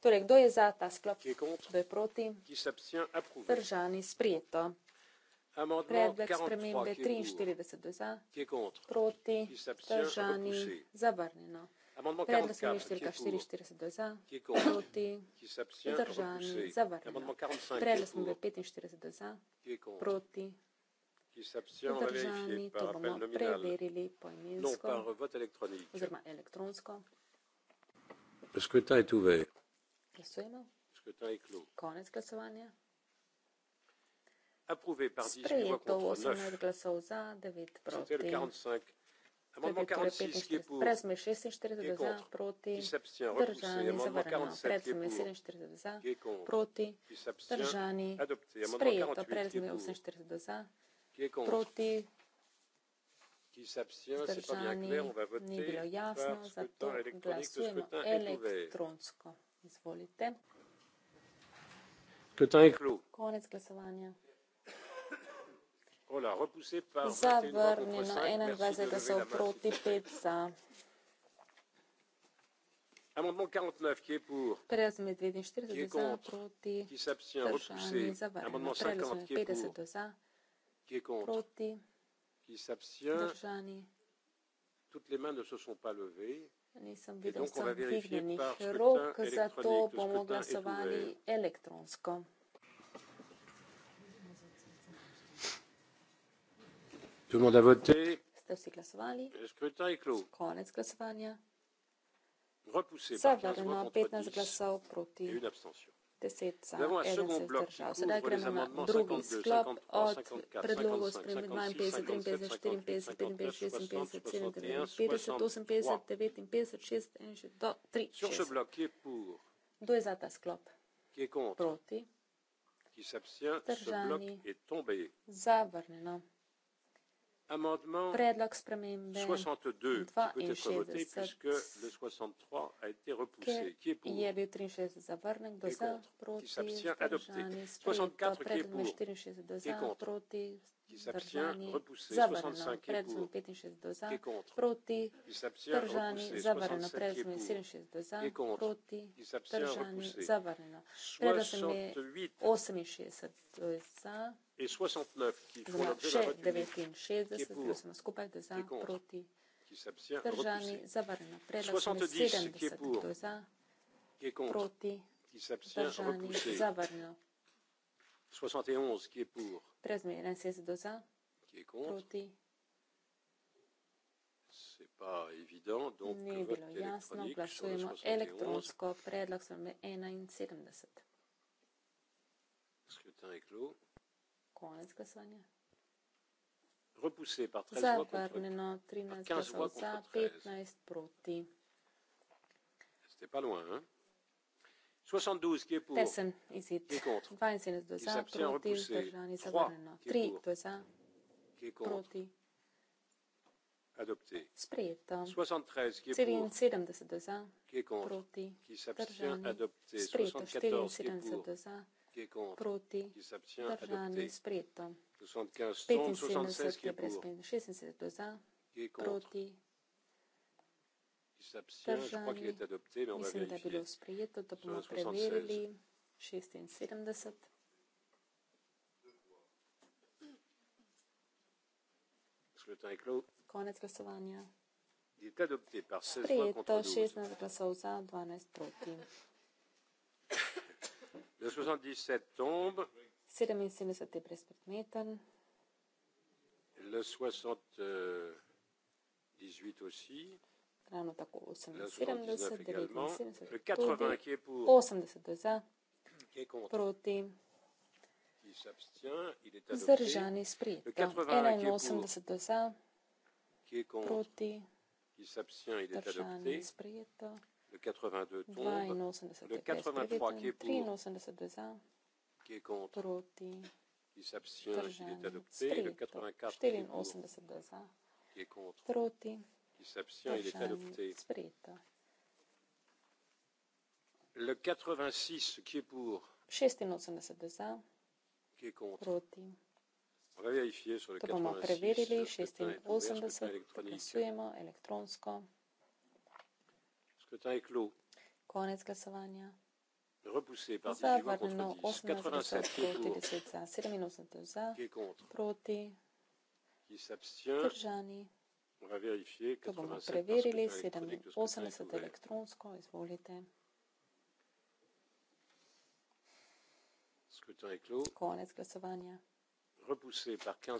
Torej, kdo je za ta sklop? Kdo je proti? Zdržani, sprijeto. Predlog spremembe 43 do za, proti, zdržani, zavrnjeno. Predlog spremembe 44 do za, proti, zdržani, zavrnjeno. Predlog spremembe 45 do za, proti, zdržani, to bomo preverili poimensko oziroma elektronsko. Le scrutin est ouvert. Glasujemo. Konec glasovanja. Sprejeto 18 glasov za, 9 proti. Torej Prezme 46 za, proti. Držani zavrnjeno. Prezme 47 za, proti. Držani sprejeto. Prezme 48 za, proti. Držani ni bilo jasno, zato glasujemo elektronsko izvolite. Konec glasovanja. Zavrnjeno 21 glasov proti 5 za. Amendement 49 qui est pour, qui est contre, qui s'abstient, repoussé. Amendement 50 qui est pour, qui est contre, qui s'abstient. Toutes les mains ne se sont pas levées. Nisem videl, da so dvignjeni. Rok za to bomo glasovali elektronsko. Tout le monde a voté. Konec glasovanja. Zavrnjeno 15 glasov proti. Une abstention. 10 za 1 se držav. Sedaj gremo na drugi sklop od predlogov sprem 52, 53, 54, 55, 56, 57, 50, 58, 59, 60, 61 do 36. Kdo je za ta sklop? Proti? Zdržani? Zavrneno. Predlog spremembe 62, ki je bil 63 zavrnen, kdo za, proti, vzdržani, sprejeto, predlog 64, kdo za, proti, vzdržani ki zdržani, zavrnjeno, predvsem 65 do za, proti, zdržani, zavrnjeno, predvsem 67 do za, proti, zdržani, zavrnjeno. Predvsem je 68 do za, zna še 69, ki smo skupaj do za, proti, zdržani, zavrnjeno, predvsem 70 do za, proti, zdržani, zavrnjeno. 71 qui est pour. 71 qui est contre. Proti. C'est pas évident donc le vote jasno, glasujemo elektronsko predlog 71. Scrutin est clos. Konec glasovanja. Repoussé par 13 Zavrneno, voix contre 13. 15 voix contre 13. 15 proti. C'était pas loin hein. 72 qui est pour. Tessen, ici. Qui est contre. Vain, sinus, deux ans. Qui s'abstient, repoussé. Trois, qui est pour. Tri, deux ans. Qui est contre. Proti. Adopté. Spriet. 73 qui est pour. Cirin, 72 ans. Qui est contre. Proti. Qui s'abstient, adopté. Spriet. 74 qui est pour. Qui est contre. Proti. Qui s'abstient, adopté. Spriet. 75, 76 qui est pour. Qui est contre. Proti ki se abstrahira, mislim, da je bilo sprejeto, da bomo preverili 76. Konec glasovanja. Prijeto 16 glasov za, 12 proti. 77 je brezpredmeten. 78 tudi ravno tako 78, 79, 80, tudi, 80 je za, proti. Zdržan je sprijeto. 81 je za, proti. Zdržan je sprijeto. 82 je sprijeto. 83 je za, proti. Zdržan je sprijeto. 84 je za, proti. Perception, il est adopté. Spirito. Le 86, qui est pour 86, qui est contre Proti. On va vérifier sur le 86. Le scrutin est scrutin est clos. Konec glasovanja. Repoussé, za vrno 87 za, 87 za, proti, držani. Ko bomo preverili 87 elektronsko, izvolite. Konec glasovanja.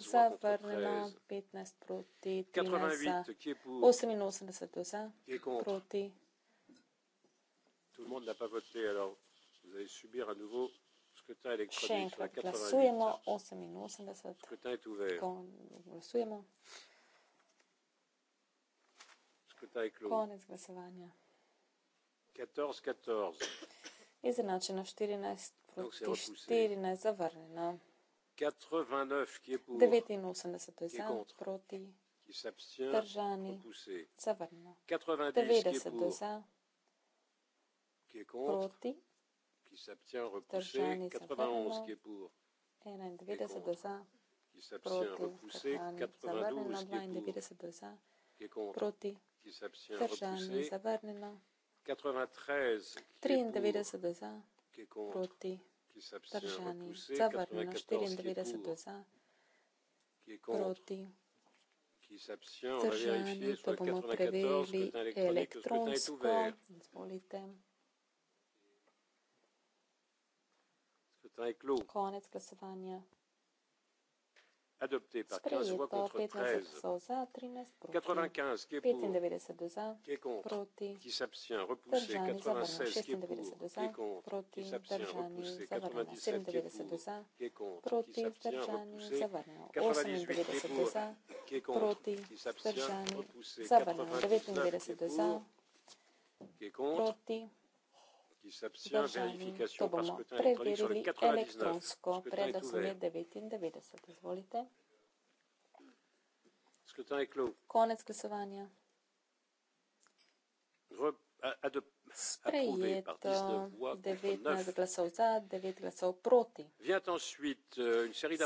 Zavrnjeno 15 proti 13 za, 88 za, proti. Tout le monde n'a pas voté, alors vous allez subir à nouveau scrutin électronique. Scrutin est ouvert. Con scrutin est clos. Konec glasovanja. 14-14. Izenačeno 14 proti 14, zavrnjeno. 89 je za, proti, držani, zavrnjeno. 90 je za, proti, držani, zavrnjeno. 91 je za, proti, držani, zavrnjeno. 92 je za, proti, držani, zavrnjeno ki se je vzdržanje zavrnilo. 93 je za, proti vzdržanje zavrnilo. 94 je za, proti vzdržanje. To bomo preverili elektronsko. Izvolite. Konec glasovanja adopté par 15 voix contre 13, 95 qui est pour, qui est contre, qui s'abstient, repoussé, 96 qui est pour, qui est contre, qui s'abstient, repoussé, 97 qui est pour, qui est contre, qui s'abstient, repoussé, 98 qui est pour, qui est contre, qui s'abstient, repoussé, 99 qui est pour, qui est contre, državnim, to bomo preverili elektronsko pred 99. Izvolite. Konec glasovanja. Sprejeto 19 glasov za, 9 glasov proti. Euh, Sedaj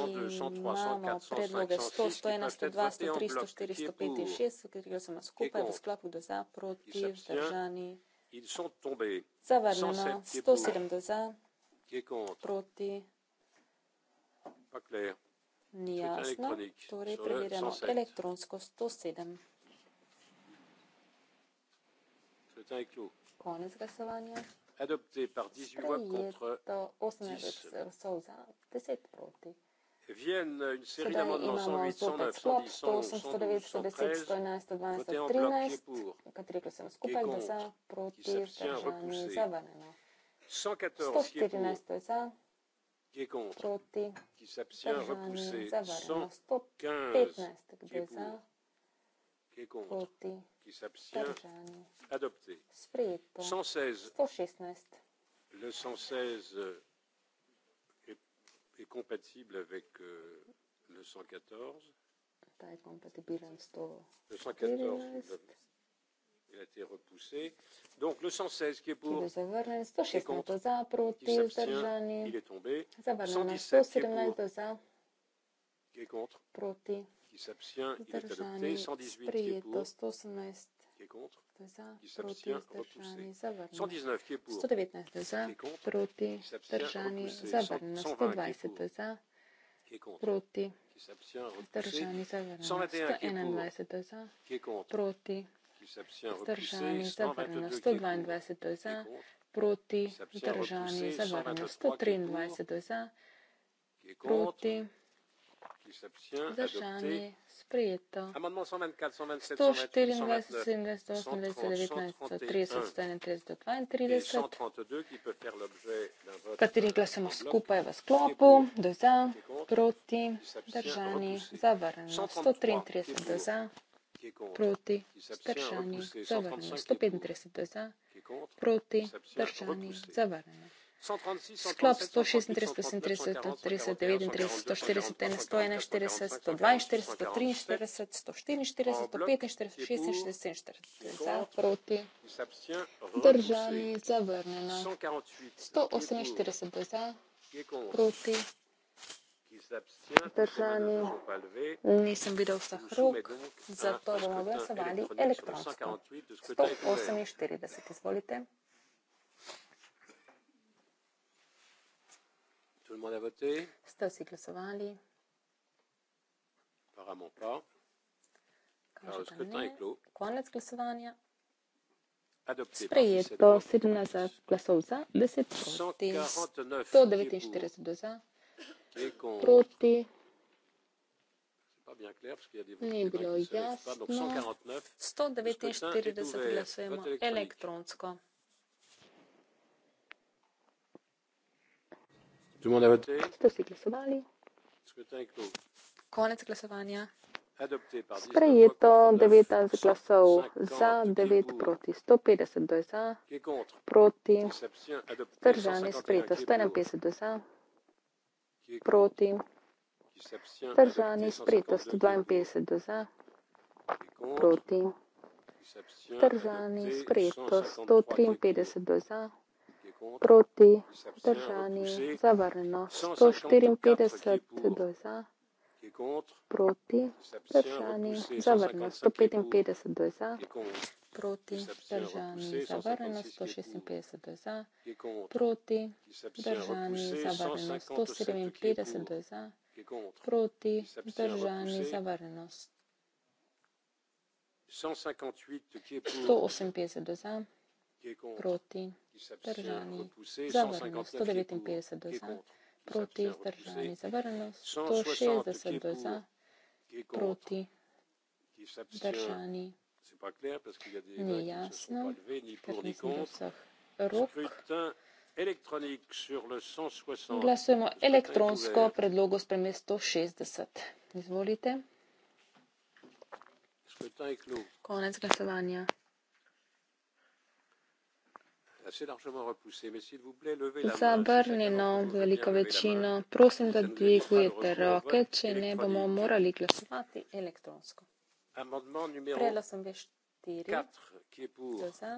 imamo predloge 100, 101, 102, 103, 104, 105 in 106, ki so nas skupaj v sklopu do za, proti, vzdržani. Ils sont tombés. Zavrnjeno, 170 proti. Ni jasno, torej preverjeno elektronsko 107. Konec glasovanja. Sprejeto 18 glasov za 10 proti viennent une série d'amendements 108, 109, 110, 111, 112, 113, 113, 113 votés en 13, bloc qui est pour, qui est contre, qui s'abstient, repoussé. 114 qui est pour, qui est contre, qui s'abstient, repoussé. 115 qui est pour, qui est contre, qui s'abstient, adopté. 116, le 116 est compatible avec euh, le 114. Est compatible avec sto... Le 114. Il a été repoussé. Donc le 116 qui est pour. Qui est contre, qui il est tombé. 117 qui est, pour, qui est contre. Qui s'abstient. Il est adopté. 118 qui est pour qui est contre, qui s'abstient, repoussé. 119 qui est pour, 119 qui est contre, proti, qui s'abstient, repoussé. 120 qui est pour, proti, qui s'abstient, repoussé. 121 qui est pour, qui est contre, proti, qui s'abstient, repoussé. 122 122 qui est contre, proti, qui s'abstient, repoussé. 123 qui est pour, qui est contre, qui s'abstient. Adopté. Sprieto. Amendement 124, 127, 129, 132, Proti, zdržani, zavrnjeno. 135 za, proti, zdržani, zavrnjeno. Sklop 136, 137, 139, 141, 141, 142, 143, 144, 145, 146, 147 proti. Držani zavrnjena. 148 za proti. Držani nisem videl vseh rok, zato bomo glasovali elektronsko. 148, izvolite. Tout le monde a voté Ste vsi glasovali? Apparemment pas. Konec glasovanja. Sprejeto 17 glasov za, 10 proti, 149 do za, proti. Ni bilo jasno. 149 glasujemo elektronsko. Tout le monde a voté. Konec glasovanja. Sprejeto 19 glasov za, 9 proti 150 do za, proti držanje sprejeto 151 do za, proti držanje sprejeto 152 do za, proti držanje sprejeto 153 do za. Proti, proti držani zavrnjeno. 154 do za, proti držani zavrnjeno. 155 do za, proti držani zavrnjeno. 156 do za, proti držani zavrnjeno. 157 do za, proti držani zavrnjeno. 158 do za, proti držani zavrnjeno proti držani zavrnjeno, 159 do za, proti držani zavrnjeno, 160 do za, proti držani. Ni jasno, ker nisem vseh rok. Glasujemo elektronsko predlogo spremlje 160. Izvolite. Konec glasovanja. Za Brnino, veliko večino, prosim, da dvigujete roke, če ne bomo morali glasovati elektronsko. Prelo sem veš štiri, do za,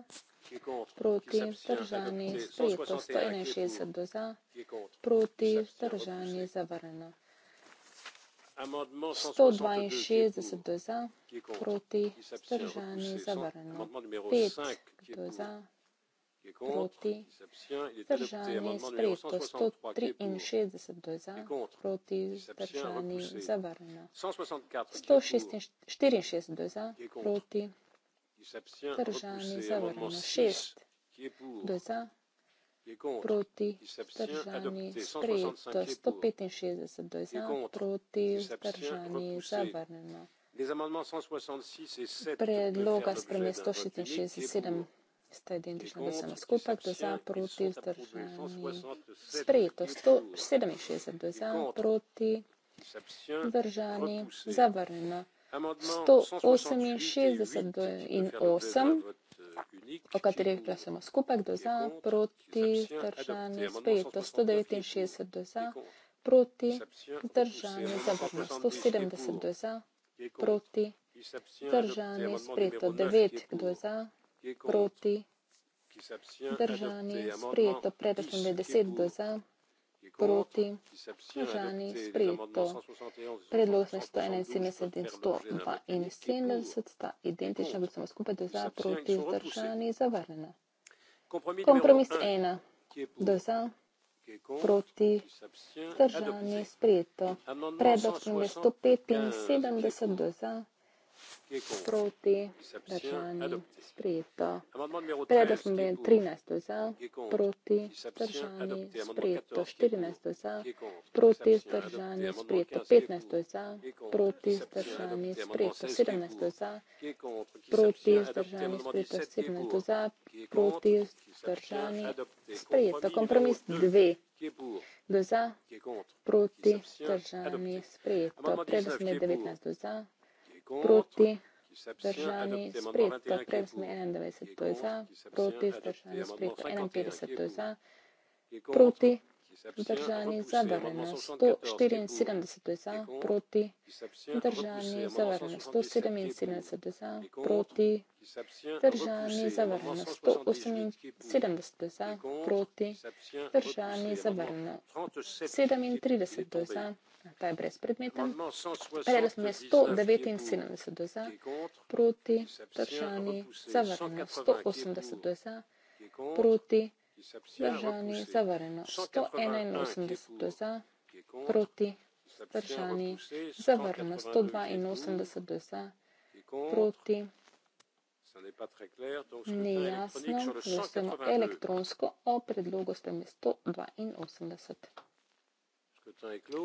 proti vzdržani, sprejeto 161 do za, proti vzdržani, zavrnjeno. 162 do za, proti vzdržani, zavrnjeno. 5 do za, proti vzdržani sprejeto sto triinšestdeset do za proti vzdržani zavrnjeno sto štiriinšestdeset do za proti vzdržani zavrnjeno šest do za proti vzdržani sprejeto sto petinšestdeset do za proti vzdržani zavrnjeno predloga spremembe sto šestinšestdeset sedem sta identična besedna skupaj, kdo za, proti, vzdržani. Sprejeto 167, kdo za, proti, vzdržani, zavrnjeno. 168 in 8, eh, o katerih glasujemo skupaj, kdo za, proti, vzdržani, sprejeto 169 do za, proti, vzdržani, zavrnjeno 170 do za, proti, vzdržani, sprejeto 9, kdo za, proti vzdržani sprejeto. Predvsem je deset do za, proti vzdržani sprejeto. Predlog sme 171 in 172 sta identična, bo samo skupaj do za, proti vzdržani zavrnjena. Kompromis ena do za, proti vzdržani sprejeto. Predlog sme 175 do za, proti, vzdržani, sprejeto. Predlog smo imeli 13 za, proti, vzdržani, sprejeto. 14 za, proti, vzdržani, sprejeto. 15 za, proti, vzdržani, sprejeto. 17 za, proti, vzdržani, sprejeto. 17 za, proti, vzdržani, sprejeto. Kompromis 2. Do za, proti, vzdržani, sprejeto. Predlog smo imeli 19 za, proti vzdržani sprejet, da prevzme 91, to je za, proti vzdržani sprejet 51, to je za, proti Zdržani za verjetnost 174 za proti, zdržani za verjetnost 177 za proti, zdržani za verjetnost 178 za proti, zdržani za verjetnost 37 za, ta je brez predmeta, predmet je 179 za proti, zdržani za verjetnost 180 za proti. Vzdržani zavrnjeno 181 glasa proti. Vzdržani zavrnjeno 182 glasa proti. Ni jasno, glasujemo elektronsko o predlogu s temi 182.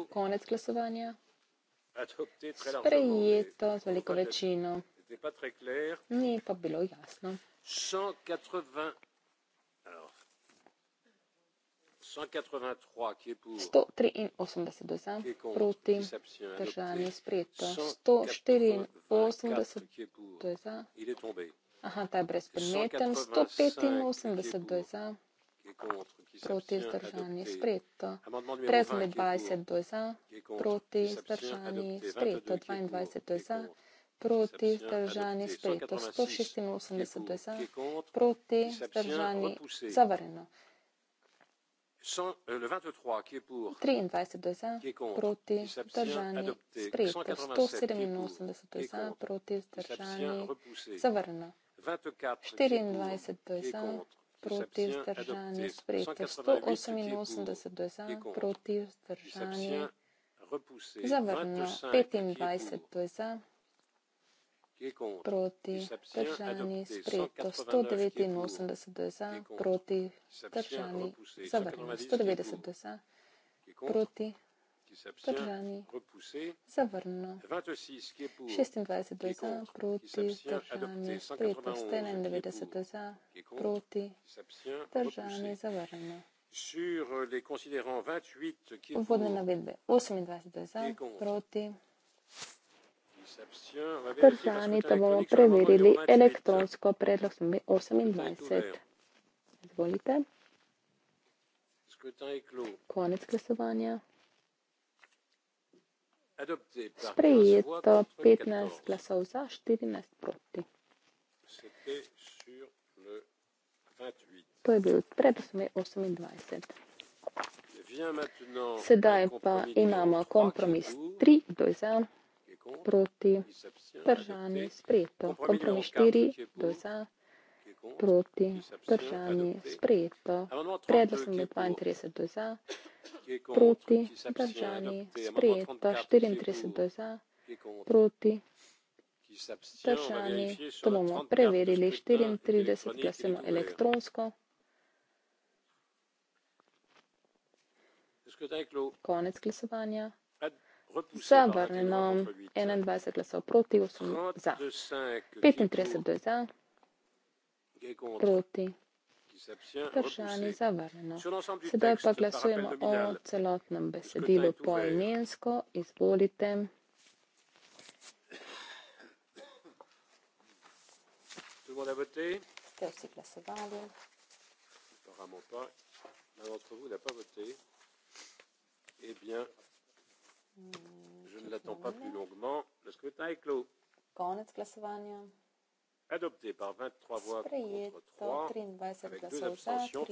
Konec glasovanja. Sprejeto z veliko večino. Ni pa bilo jasno. 183 za, proti držanje je sprejeto. 184 je za, aha, ta je brezpredmeten. 185 je za, proti držanje je sprejeto. 320 je za, proti držanje je sprejeto. 22 je za, proti držanje je sprejeto. 186 je za, proti držanje je zavarjeno. 23 je za, proti vzdržani, sprejete 187 je za, proti vzdržani, zavrnjeno. 24 je za, proti vzdržani, sprejete 188 je za, proti vzdržani, zavrnjeno. 25 je za, proti držani sprejeto, 189 za, proti držani zavrnjeno, 190 za, proti držani zavrnjeno, 26 za, proti držani sprejeto, 191 za, proti držani zavrnjeno. Uvodne navedbe, 28 za, proti držani zavrnjeno. Pržani, to bomo preverili elektronsko predlog 28. Izvolite. Konec glasovanja. Sprejeto 15 glasov za, 14 proti. To je bil predlog 28. Sedaj pa imamo kompromis 3 do 1 proti, držani, sprejeto. Kompromis 4, 2 za, proti, držani, sprejeto. Predlog sem 32, 2 za, proti, držani, sprejeto. 34, 2 za, proti, držani. To bomo preverili. 34, glasimo elektronsko. Konec glasovanja zavrnjeno 21 glasov proti 8 za. 35 do za. Proti. Vprašanje zavrnjeno. Sedaj pa glasujemo o celotnem besedilu poimensko. Izvolite. Ste vsi glasovali? Apparemment pas. L'un d'entre vous n'a pas voté. Eh bien, Mm, Je ne l'attends pas plus longuement. Le scrutin est clos. Konec glasovanja. Adopté par 23 voix contre 3, avec deux abstentions.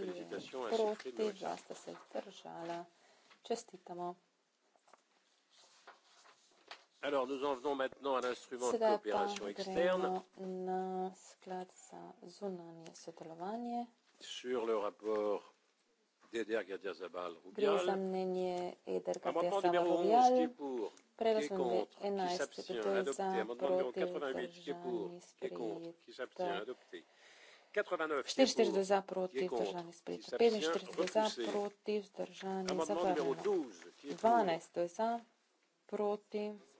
Alors, nous en venons maintenant à l'instrument de coopération externe. Sur le rapport Gre za mnenje Eder Gadiazabal Rubial. Prelazno je 11. Gre za proti državni sprejet. 44 za proti državni sprejet. 45 za proti državni zavrnjeno. 12 za proti državni sprejet.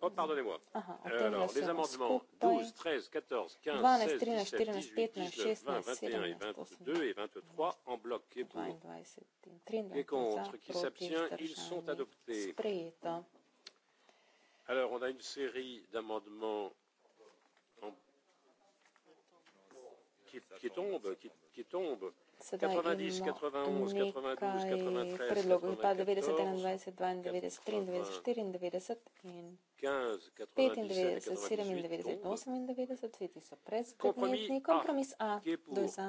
Oh, pardonnez-moi. Euh, alors, les amendements 12, 13, 14, 15, 16, 17, 18, 19, 20, 21 et 22 et 23 en bloc. Qui est pour Qui est contre Qui s'abstient Ils sont adoptés. Alors, on a une série d'amendements qui, qui tombent. Qui, qui tombent sedaj imamo 91, predlogov je pa 90, 91, 92, 93, 94 in 95, 97, 98, vsi ti so predzgodnjeni. Kompromis ah, A, kdo je za?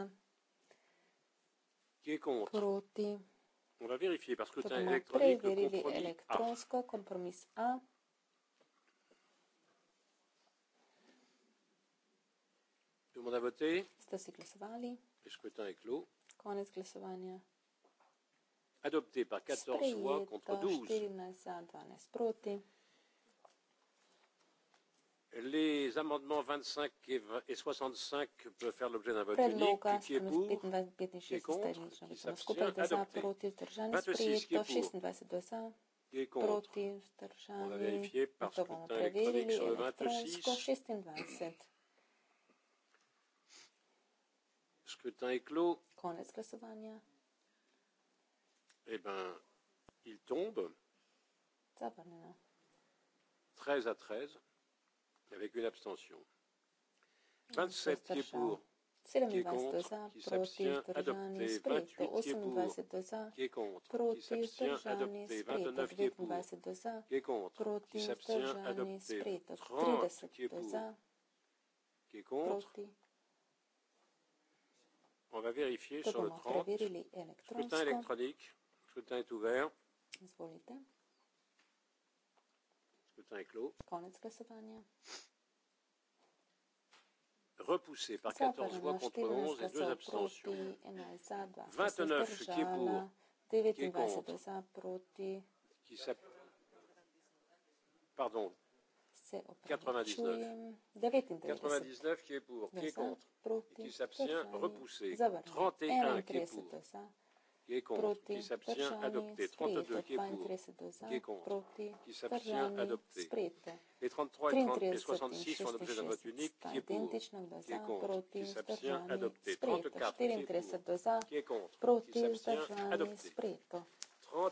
Proti. To bomo preverili elektronsko, kompromis A. Tout le monde a voté. Le scrutin est clos. Konec glasovanja. Adopté par 14 Sprejeto, voix contre 12. 14 proti. Les amendements 25 et, 20, et 65 peuvent faire l'objet d'un vote Predloga, unique. Qui, qui est pour Qui est contre Qui s'abstient Adopté. 26 qui est pour Qui est contre proti, On va vérifier par scrutin électronique sur le 26. scrutin est clos konec glasovanja? Eh ben, il tombe. Zapadnena. 13 à 13, avec une abstention. 27 qui est pour, qui est contre, qui s'abstient, adopté. 28 qui est pour, qui est contre, qui s'abstient, adopté. 29 qui est pour, qui est contre, qui s'abstient, adopté. 30 qui est pour, qui est contre, On va vérifier sur le 30. Scrutin électronique. Scrutin est ouvert. Scrutin est clos. Repoussé par 14 voix contre 11 et 2 abstentions. 29 qui est pour. Qui est contre. Qui s'appelle. Pardon, se opravičujem. 99, ki je pour, ki je contre, ki s'abstient, repoussé. 31, ki je pour, ki je contre, ki s'abstient, adopté. 32, ki je pour, ki je contre, ki s'abstient, adopté. Les 33 et 66 font l'objet d'un vote unique, qui est pour, qui est contre, qui s'abstient, adopté. 34, qui est contre, qui s'abstient, adopté. 35, qui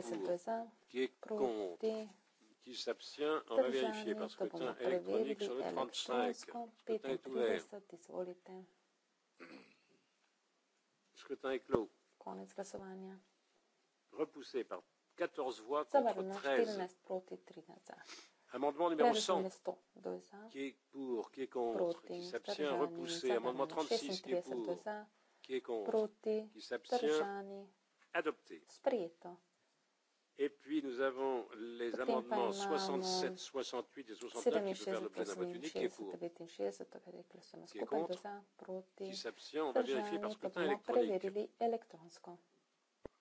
est pour, qui est contre, qui s'abstient en a vérifié parce que scrutin électronique sur le 35. Le scrutin est ouvert. Le scrutin est clos. Repoussé par 14 voix contre 13. Amendement numéro 100, qui est pour, qui est contre, qui s'abstient, repoussé. Amendement 36, qui est pour, qui est contre, qui s'abstient, adopté. Et puis nous avons les Potem amendements 67, 68 et 69 qui peuvent le plein à vote unique qui est pour. Qui est contre Qui s'abstient On va vérifier par scrutin électronique.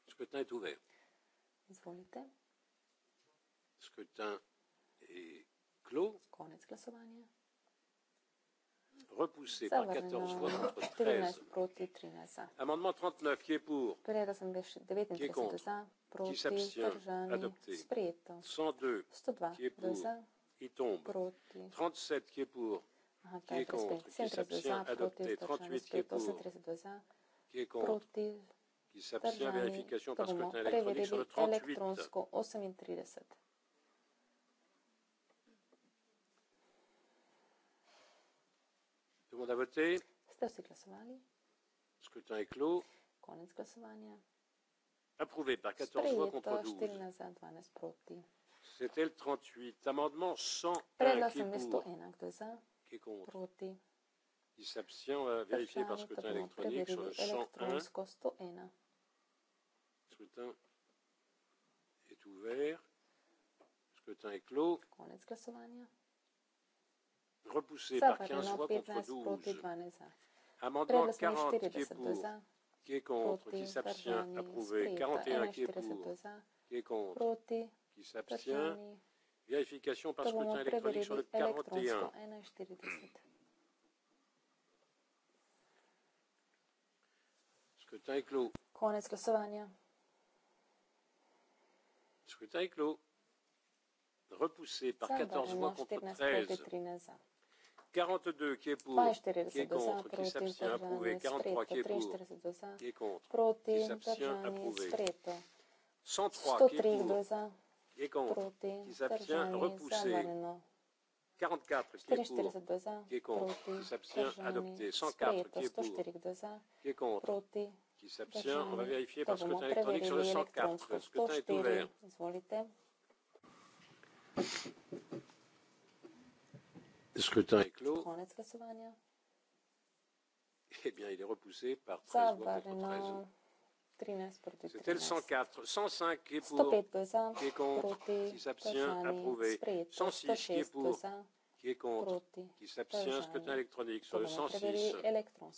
Scrutin est ouvert. Izvolite. Scrutin est clos. Konec glasovanja repoussé par 14 voix contre 13. Amendement 39, qui est pour Qui est contre Qui s'abstient Adopté. 102, qui est pour Il tombe. 37, qui est pour Qui est contre Qui s'abstient Adopté. 38, qui est pour Qui est contre Qui s'abstient Vérification par scrutin électronique sur le 38. bomo da vote. Ste vsi glasovali? Scrutin je clos. Konec glasovanja. Approuvé par 14 voix contre 12. C'était le 38. Amendement 101 qui est pour. Qui est contre. Il s'abstient. Vérifier par scrutin électronique torej sur le 101. Scrutin est ouvert. Scrutin est clos. Connaissance repoussé par 15 fois contre 12. Amendement 40 qui est pour, qui est contre, qui s'abstient, approuvé. 41 qui est pour, qui est contre, qui s'abstient. Vérification par scrutin électronique sur le 41. Ah scrutin est clos. Konec glasovanja. Scrutin est clos. Repoussé par 14 voix contre 13. 42 qui est pour, qui est contre, qui s'abstient, approuvé. 43 qui est pour, qui est contre, qui s'abstient, approuvé. 103 qui est pour, qui est contre, qui s'abstient, repoussé. 44 qui est pour, qui est contre, qui s'abstient, adopté. 104 qui est pour, qui est contre, qui s'abstient. On va vérifier par scrutin électronique sur le 104. Le scrutin est ouvert. Le scrutin est clos. Konec glasovanja. Eh bien, il est repoussé par 13 voix contre 13. 13 proti 13. C'était le 104. 105 qui est pour, qui est contre, proti, qui s'abstient, approuvé. 106 qui est pour, qui est contre, proti, qui s'abstient, scrutin électronique sur le 106. Tout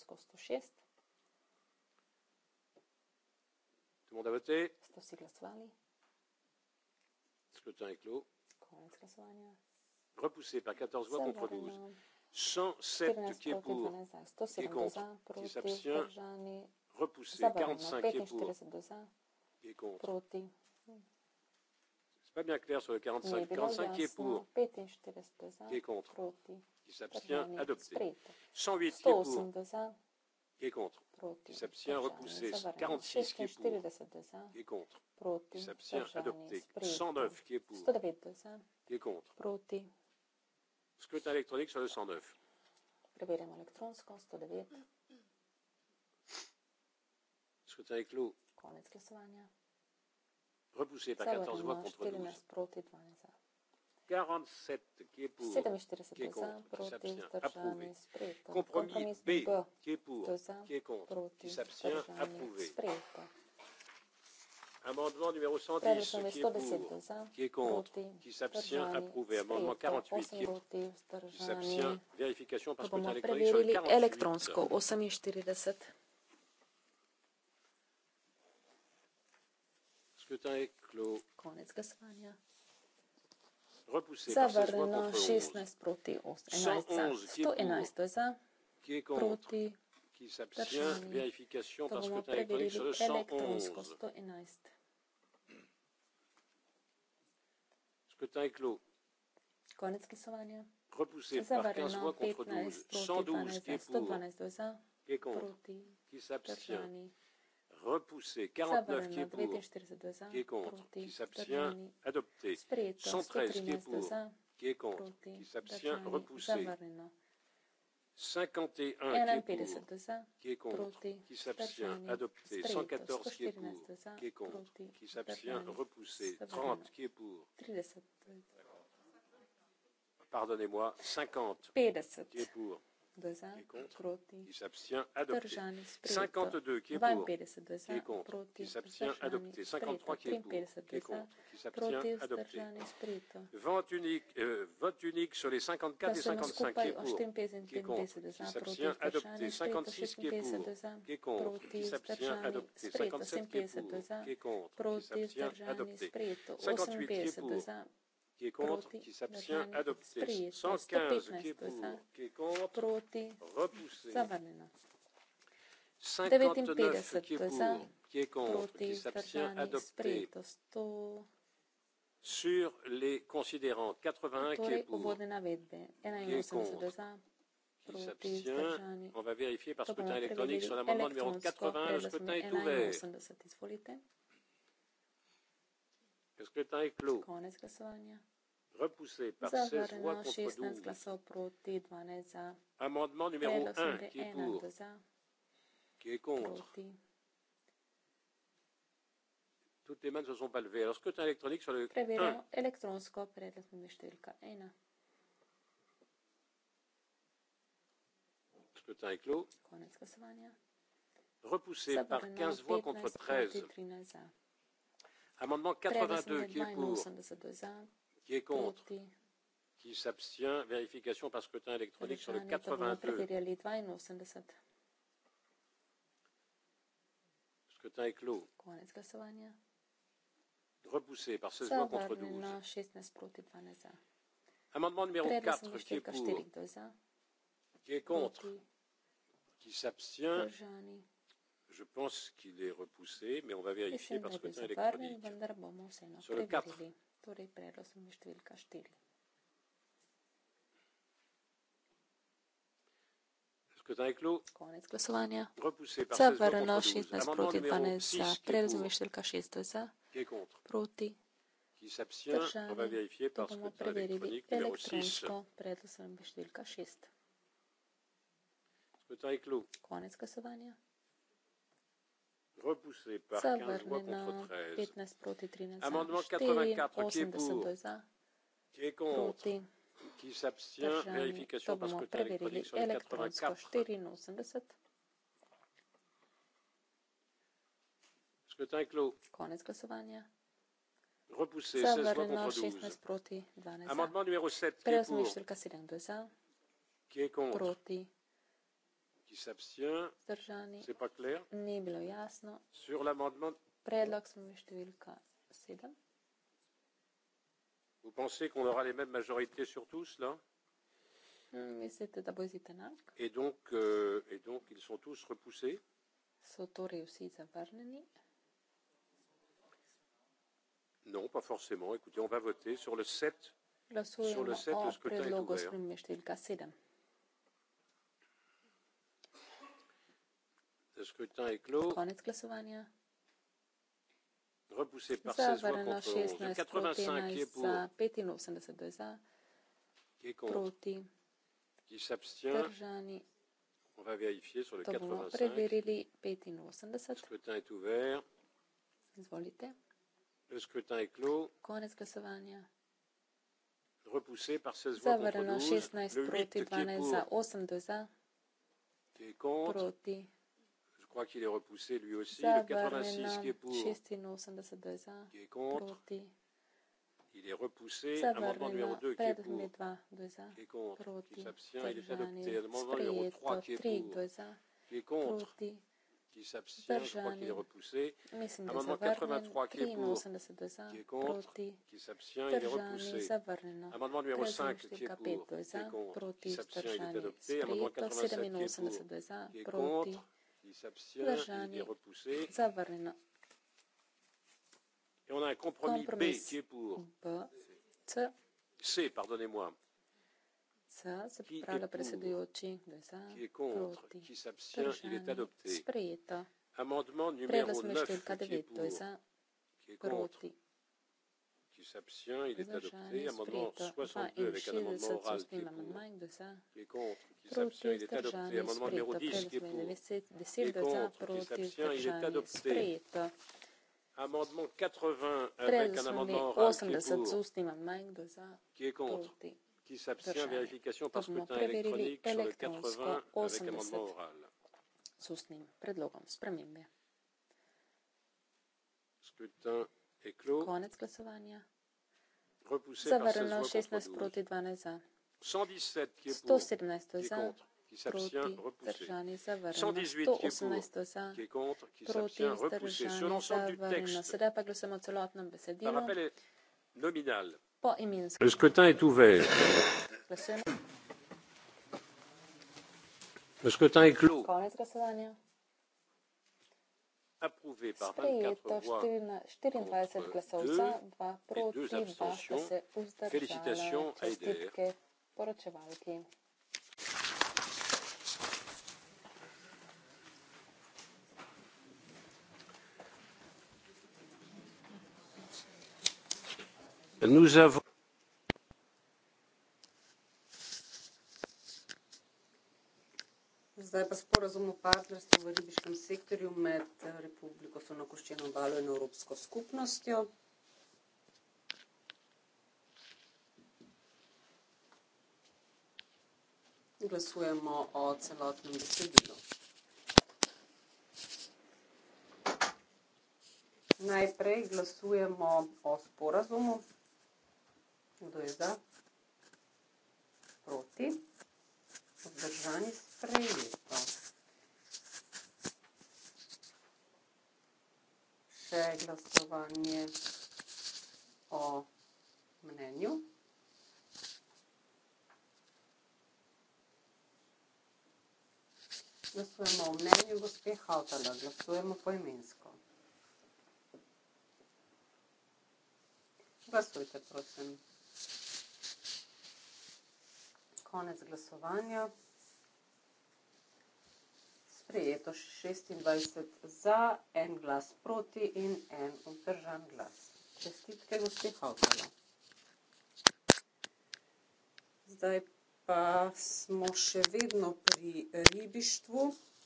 le monde a voté Scrutin est clos. Konec glasovanja repoussé par 14 voix contre 12. 107 qui est pour, qui est contre, qui s'abstient, repoussé. 45 qui est pour, qui est contre. C'est pas bien clair sur le 45. 45 qui est pour, qui est contre, qui s'abstient, adopté. 108 qui est pour, qui est contre, qui s'abstient, repoussé. 46 qui est pour, qui est contre, qui s'abstient, adopté. 109 qui est pour, qui est contre, Scrutin électronique sur le 109. Preverjamo elektronsko 109. Scrutin clos. Konec glasovanja. Repoussé par 14 voix contre 12. 47 qui est pour. 47 qui est contre. Qui est contre. Approuvé. Compromis B qui est pour. Qui est contre. Qui s'abstient. Approuvé. Approuvé. Amendement numéro 110, qui est, 110 pour, qui est contre, voté, qui s'abstient, approuvé. Amendement 48, qui s'abstient, vérification par scrutin électronique sur le 48. Scrutin est clos. Repoussé par 16 contre 11. 111 qui est contre, proti, qui s'abstient, vérification par scrutin électronique sur le 111. 111. Scrutin clos. Konec glasovanja. Repoussé par 15 voix contre 12. 112 qui est pour. Qui est contre. Qui s'abstient. Repoussé. 49 qui est pour. Qui est contre. Qui s'abstient. Adopté. 113 qui est pour. Qui est contre. Qui s'abstient. Repoussé. 51 qui est pour, qui est contre, qui s'abstient, adopté, 114 qui est pour, qui est contre, qui s'abstient, repoussé, 30 qui est pour. Pardonnez-moi, 50 qui est pour za, proti, vzdržani, sprejeto. 52 za, proti, vzdržani, sprejeto. 53 za, proti, vzdržani, sprejeto. Glasujemo skupaj o 54 za, proti, vzdržani, sprejeto. 56 za, proti, vzdržani, sprejeto. 57 za, proti, vzdržani, sprejeto. 58 za, qui est contre, qui s'abstient, adopté. 115 qui est pour, qui est contre, repoussé. 59 qui est pour, qui est contre, qui s'abstient, adopté. Sur les considérants, 81 torej qui est pour, qui est contre, qui s'abstient. On va vérifier par scrutin électronique sur l'amendement numéro 81. Le scrutin est ouvert. Je scrutin est clos. Konec glasovanja. Repoussé par 16 voix contre 16 12. Proti, 12 za. Amendement numéro 1 qui est pour. Za. Qui est contre. Proti. Toutes les mains ne se sont pas levées. Alors, scrutin électronique sur le. Préviro électronsko, prédéfinie stilka 1. Scrutin est clos. Konec glasovanja. Repoussé Zabarino par 15 voix contre 13. 13 Amendement 82, qui est pour Qui est contre Qui s'abstient Vérification par scrutin électronique sur le 82. Scrutin est clos. Repoussé par 16 voix contre 12. Amendement numéro 4, qui est pour Qui est contre Qui s'abstient Je pense qu'il est repoussé, mais on va vérifier par scrutin électronique. Sur le 4. Torej, Konec glasovanja. Za vrno 16, proti 12, za prerazumi številka 6, to je za, proti, držanje, to bomo preverili elektronsko prerazumi številka 6. Konec glasovanja repoussé par 15 voix contre 13. 15 13. Amendement 84 qui est pour, qui est contre, qui s'abstient, vérification par scrutin électronique sur les 84. Scrutin clos. Конец гласования. Repoussé, Ça 16 voix contre 16 12. Proti, 12. Amendement numéro 7 qui est pour, 7, 2, qui est contre, s'abstient. C'est pas clair. Ni bilo jasno. Sur l'amendement. Predlog smo številka 7. Vous pensez qu'on aura les mêmes majorités sur tous là hmm, Mislite, da bo enak? Et donc euh, et donc ils sont tous repoussés so torej vsi zavrneni? Non, pas forcément. Écoutez, on va voter sur le 7. Glasujemo sur le 7 le scrutin est ouvert. 7. scrutin est clos. Konec glasovanja. Repoussé par 16 voix contre 16 85 qui est pour. Qui est contre. Proti. Qui s'abstient. On va vérifier sur le to 85. Le scrutin est ouvert. Zvolite. Le scrutin est clos. Konec glasovanja. Repoussé par 16 voix contre 16 le 8 qui est pour. Qui est contre. Proti crois qu'il est repoussé lui aussi. Le 86 qui est pour. Qui est contre. Il est repoussé. Amendement numéro 2 qui est pour. Qui est contre. Qui s'abstient. Il est adopté. Amendement numéro 3 qui est pour. Qui est contre. Qui s'abstient. Je crois qu'il est repoussé. Amendement 83 qui est pour. Qui est contre. Qui s'abstient. Il est repoussé. Amendement numéro 5 qui est pour. Qui est contre. Qui s'abstient. Il est adopté. Amendement 87 qui est pour. Qui est contre vprašanji zavrnjeno. Et on a un compromis, compromis B qui est pour B. C, C pardonnez-moi, qui, qui est contre, proti. qui s'abstient, il est adopté. Spreta. Amendement numéro 9 qui est pour, qui est contre, proti qui s'abstient, il est adopté. Amendement 62 avec un amendement oral qui est contre, qui s'abstient, il est adopté. Amendement numéro 10 qui est pour, qui est contre, qui s'abstient, il est adopté. Amendement 80 avec un amendement oral qui est pour, qui est contre, qui s'abstient, vérification par scrutin électronique sur le 80 avec amendement oral. Sous-titrage Société Radio-Canada Konec glasovanja. Zavrnilo 16 proti 12 za. 117 za. Proti zdržani zavrnjeno. 118 za, proti zdržani zavrnjeno. Sedaj pa glasujemo celotno besedilo. Po imensko. Le skrutin je ouvert. Glasujemo. Le skrutin je clos. Konec glasovanja sprejeto 24 glasov za, 2 proti, 2 pa se vzdržali. Čestitke poročevalki. Nous avons Zdaj pa sporazum o partnerstvu v ribiškem sektorju med eh, Republiko Slovenijo obalo in Evropsko skupnostjo. Glasujemo o celotnem besedilu. Najprej glasujemo o sporazumu. Kdo je za? Proti? Vzdržani? Sprejet. še glasovanje o mnenju. Glasujemo o mnenju gospe Hautala, glasujemo poimensko. Glasujte, prosim. Konec glasovanja sprejeto 26 za, en glas proti in en vzdržan glas. Čestitke, gospod Havkala. Zdaj pa smo še vedno pri ribištvu,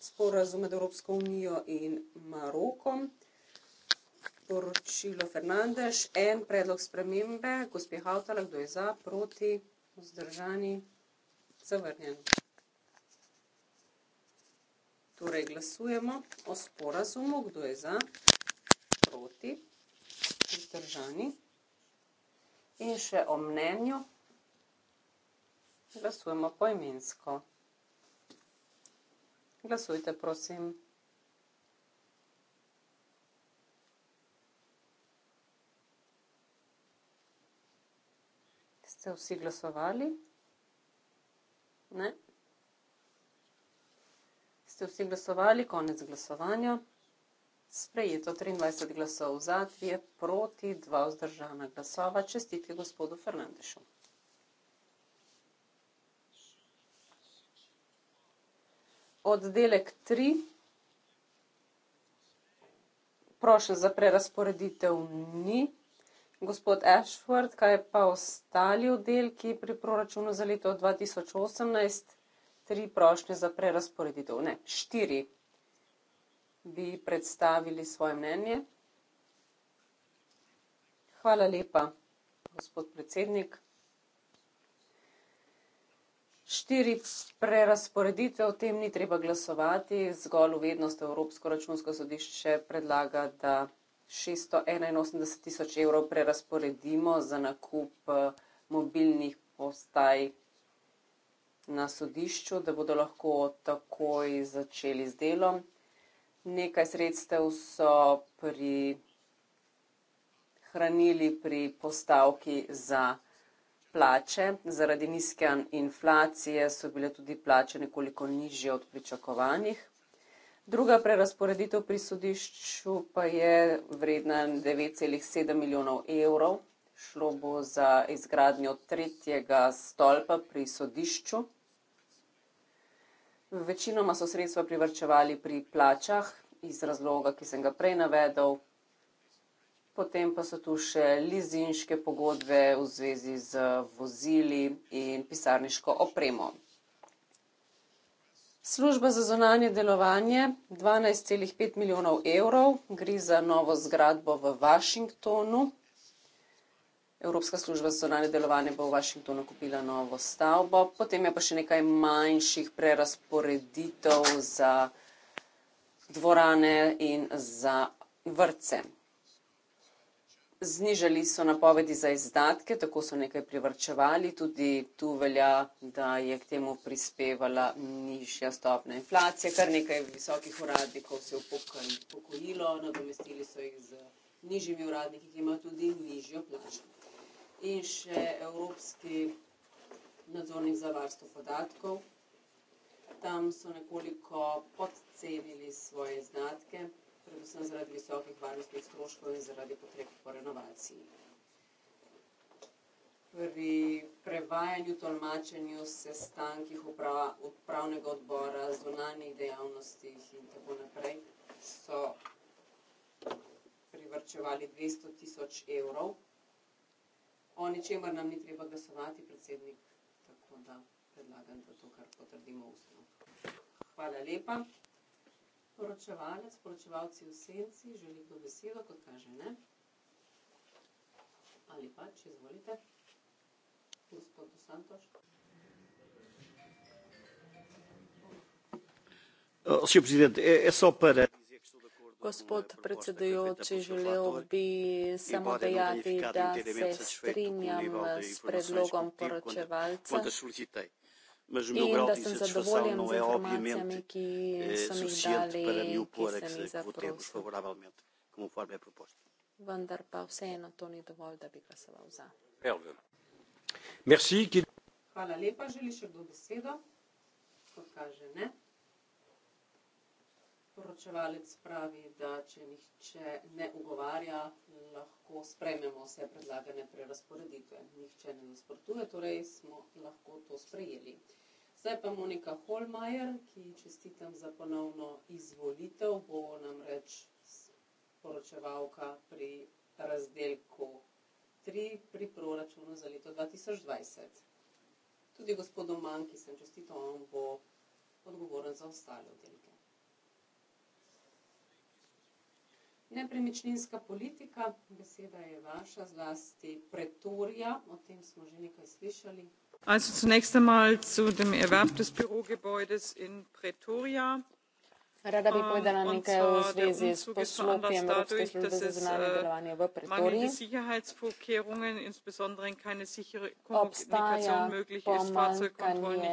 sporazum med Evropsko unijo in Marokom. Poročilo Fernandež, en predlog spremembe, gospod Havkala, kdo je za, proti, vzdržani, zavrnjen. Torej, glasujemo o sporazumu, kdo je za, proti, vzdržani in še o mnenju. Glasujemo poimensko. Glasujte, prosim. Ste vsi glasovali? Ne ste vsi glasovali, konec glasovanja. Sprejeto 23 glasov za, 3 proti, 2 vzdržana glasova. Čestitke gospodu Fernandešu. Oddelek 3. Prošen za prerasporeditev ni. Gospod Ashford, kaj pa ostali oddelki pri proračunu za leto 2018? tri prošlje za prerasporeditev, ne, štiri, bi predstavili svoje mnenje. Hvala lepa, gospod predsednik. Štiri prerasporeditve, o tem ni treba glasovati, zgolj uvednost Evropsko računsko sodišče predlaga, da 681 tisoč evrov prerasporedimo za nakup eh, mobilnih postaj na sodišču, da bodo lahko takoj začeli z delom. Nekaj sredstev so pri hranili pri postavki za plače. Zaradi nizke inflacije so bile tudi plače nekoliko nižje od pričakovanih. Druga prerasporeditev pri sodišču pa je vredna 9,7 milijonov evrov. Šlo bo za izgradnjo tretjega stolpa pri sodišču. Večinoma so sredstva privrčevali pri plačah iz razloga, ki sem ga prej navedel. Potem pa so tu še lizinške pogodbe v zvezi z vozili in pisarniško opremo. Služba za zonanje delovanje 12,5 milijonov evrov gre za novo zgradbo v Washingtonu, Evropska služba za zonanje delovanje bo v Washingtonu kupila novo stavbo, potem je pa še nekaj manjših prerasporeditev za dvorane in za vrtce. Znižali so napovedi za izdatke, tako so nekaj privrčevali, tudi tu velja, da je k temu prispevala nižja stopna inflacije, kar nekaj visokih uradnikov se je upokojilo, nadomestili so jih z nižjimi uradniki, ki imajo tudi nižjo plačo in še Evropski nadzornik za varstvo podatkov. Tam so nekoliko podcenili svoje izdatke, predvsem zaradi visokih varnostnih stroškov in zaradi potreb po renovaciji. Pri prevajanju, tolmačenju, sestankih uprava, upravnega odbora, zunanjih dejavnostih in tako naprej so privrčevali 200 tisoč evrov. O ničemer nam ni treba glasovati, predsednik, tako da predlagam, da to kar potrdimo ustno. Hvala lepa. Poročevalec, poročevalci v senci, želi kdo besedo, kot kaže ne? Ali pa, če izvolite, gospod Santoš. Uh, senhor Presidente, é, é só para. Gospod predsedujoči, želel bi samo dejati, da se strinjam s predlogom poročevalca in da sem zadovoljen z informacijami, ki eh, so mi dali, ki sem jih zaprosil. Vendar pa vseeno to ni dovolj, da bi glasoval za. Hvala lepa, želi še kdo besedo? Kot kaže ne poročevalec pravi, da če nihče ne ugovarja, lahko sprejmemo vse predlagane prerasporeditve. Nihče ne nasprotuje, torej smo lahko to sprejeli. Zdaj pa Monika Holmajer, ki čestitam za ponovno izvolitev, bo namreč poročevalka pri razdelku 3 pri proračunu za leto 2020. Tudi gospodu Manki sem čestitom, on bo odgovoren za ostale oddelke. Nepremičninska politika, beseda je vaša, zlasti pretorija, o tem smo že nekaj slišali. Also zunächst einmal zu dem Erwerb des Bürogebäudes in Pretoria. Rada bi povedala nekaj o zvezi s poslopjem Evropske službe za zunanje eh, delovanje v Pretoriji. Obstaja pomankanje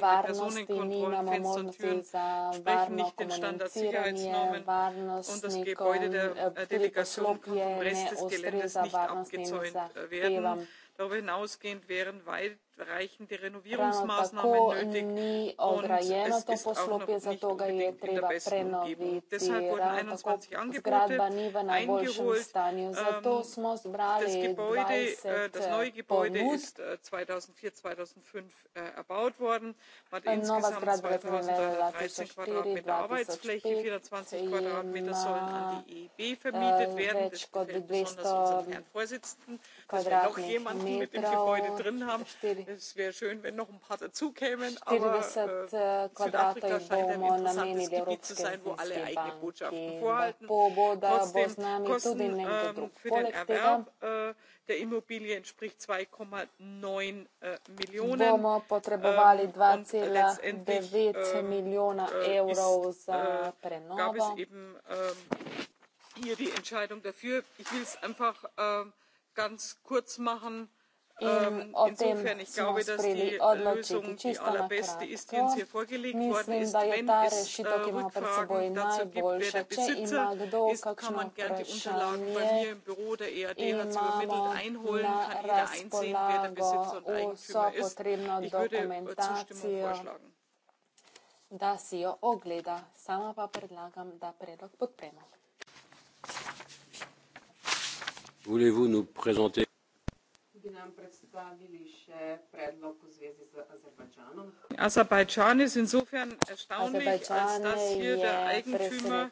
varnosti, nimamo možnosti za varno komuniciranje, varnostnikom, tudi eh, äh, poslopje ne ustreza varnostnim äh, zahtevam. Darüber hinausgehend wären weit reichende Renovierungsmaßnahmen tako, nötig und es ist auch noch nicht unbedingt in der besten Umgebung. Deshalb wurden 21 Angebote eingeholt. Ähm, das, Gebäude, äh, das äh, neue Gebäude ist äh, 2004-2005 äh, erbaut worden. Man hat insgesamt 2030 Quadratmeter Arbeitsfläche, 420 Quadratmeter sollen an die EIB vermietet äh, werden. Das gefällt besonders unserem Herrn Vorsitzenden, dass wir noch jemanden mit dem Gebäude drin haben. 4 kvadrata jih bomo namenili Evropske investicijske banki, pa bo, da bo z nami tudi nekdo drug. Poleg tega bomo potrebovali 2,9 ähm, äh, ähm, milijona äh, evrov äh, za prenovo. Ähm, hier die Entscheidung dafür. Ich will es einfach äh, ganz kurz machen. Ähm, ähm, In äh, e o tem smo sprejeli odločiti čisto na kratko. Mislim, da je ta rešitev, ki ima pred seboj najboljša. Če ima kdo kakšno vprašanje, äh, imamo na razpolago vso potrebno dokumentacijo, da si jo ogleda. Sama pa predlagam, da predlog podpremo bi nam predstavili še predlog v zvezi z Azerbajdžanom. Azerbajdžan je insofern erstaunlich, als dass hier der Eigentümer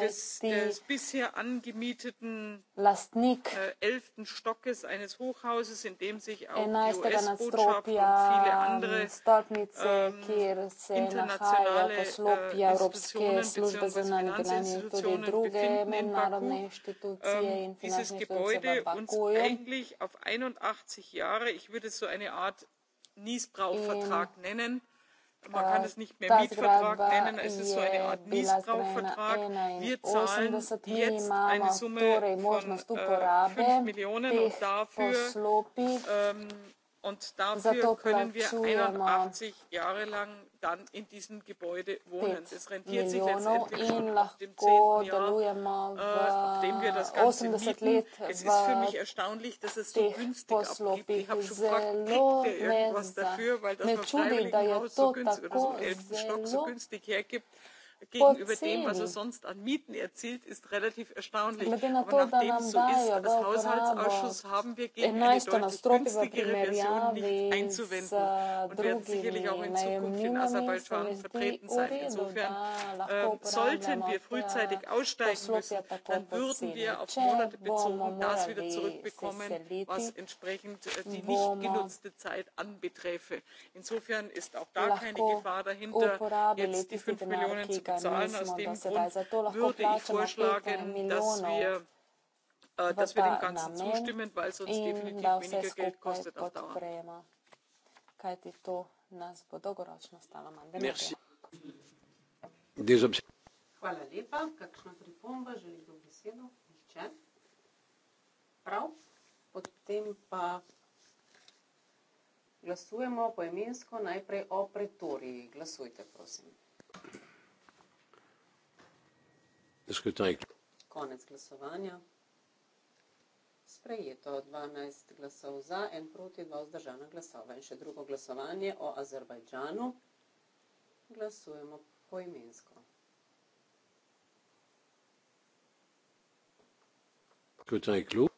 des, des bisher angemieteten äh, 11. Stockes eines Hochhauses, in dem sich auch die US-Botschaft und viele andere ähm, internationale äh, Institutionen bzw. Finanzinstitutionen befinden in Baku. Äh, dieses Gebäude uns eigentlich auf 80 Jahre. Ich würde es so eine Art Niesbrauchvertrag nennen. Man kann es nicht mehr Mietvertrag nennen, es ist so eine Art Niesbrauchvertrag. Wir zahlen jetzt eine Summe von äh, 5 Millionen und dafür, ähm, und dafür können wir 81 Jahre lang dann in diesem Gebäude wohnen. Das rentiert sich letztendlich schon ab dem 10. Jahr, äh, nachdem wir das Ganze mieten. Es ist für mich erstaunlich, dass es so günstig abgibt. Ich habe schon gefragt, kriegt der irgendwas dafür, weil das noch freiwillig ja, so günstig oder so im 11. Stock so günstig hergibt gegenüber dem, was er sonst an Mieten erzielt, ist relativ erstaunlich. Aber er nachdem es so ist, als Haushaltsausschuss haben wir gegen eine deutlich günstigere ja, Version nicht äh, einzuwenden und werden sicherlich auch in Zukunft in Aserbaidschan vertreten sein. Insofern äh, sollten wir frühzeitig aussteigen ja müssen, dann würden wir auf Monate bezogen das wieder zurückbekommen, was entsprechend äh, die nicht genutzte Zeit anbeträfe. Insofern ist auch da keine Gefahr dahinter, jetzt die 5 Millionen zu bezahlen aus dem Grund würde ich vorschlagen, dass wir, äh, dass wir dem Ganzen zustimmen, weil es uns definitiv weniger Geld kostet auf Dauer. Merci. Hvala lepa. Kakšna pripomba, želi kdo besedo? Nihče. Prav. Potem pa glasujemo poemensko najprej o pretoriji. Glasujte, prosim. Le scrutin est clos. Konec glasovanja. Sprejeto 12 glasov za, en proti, dva vzdržana glasova. In še drugo glasovanje o Azerbajdžanu. Glasujemo poimensko. Skrutin je klub.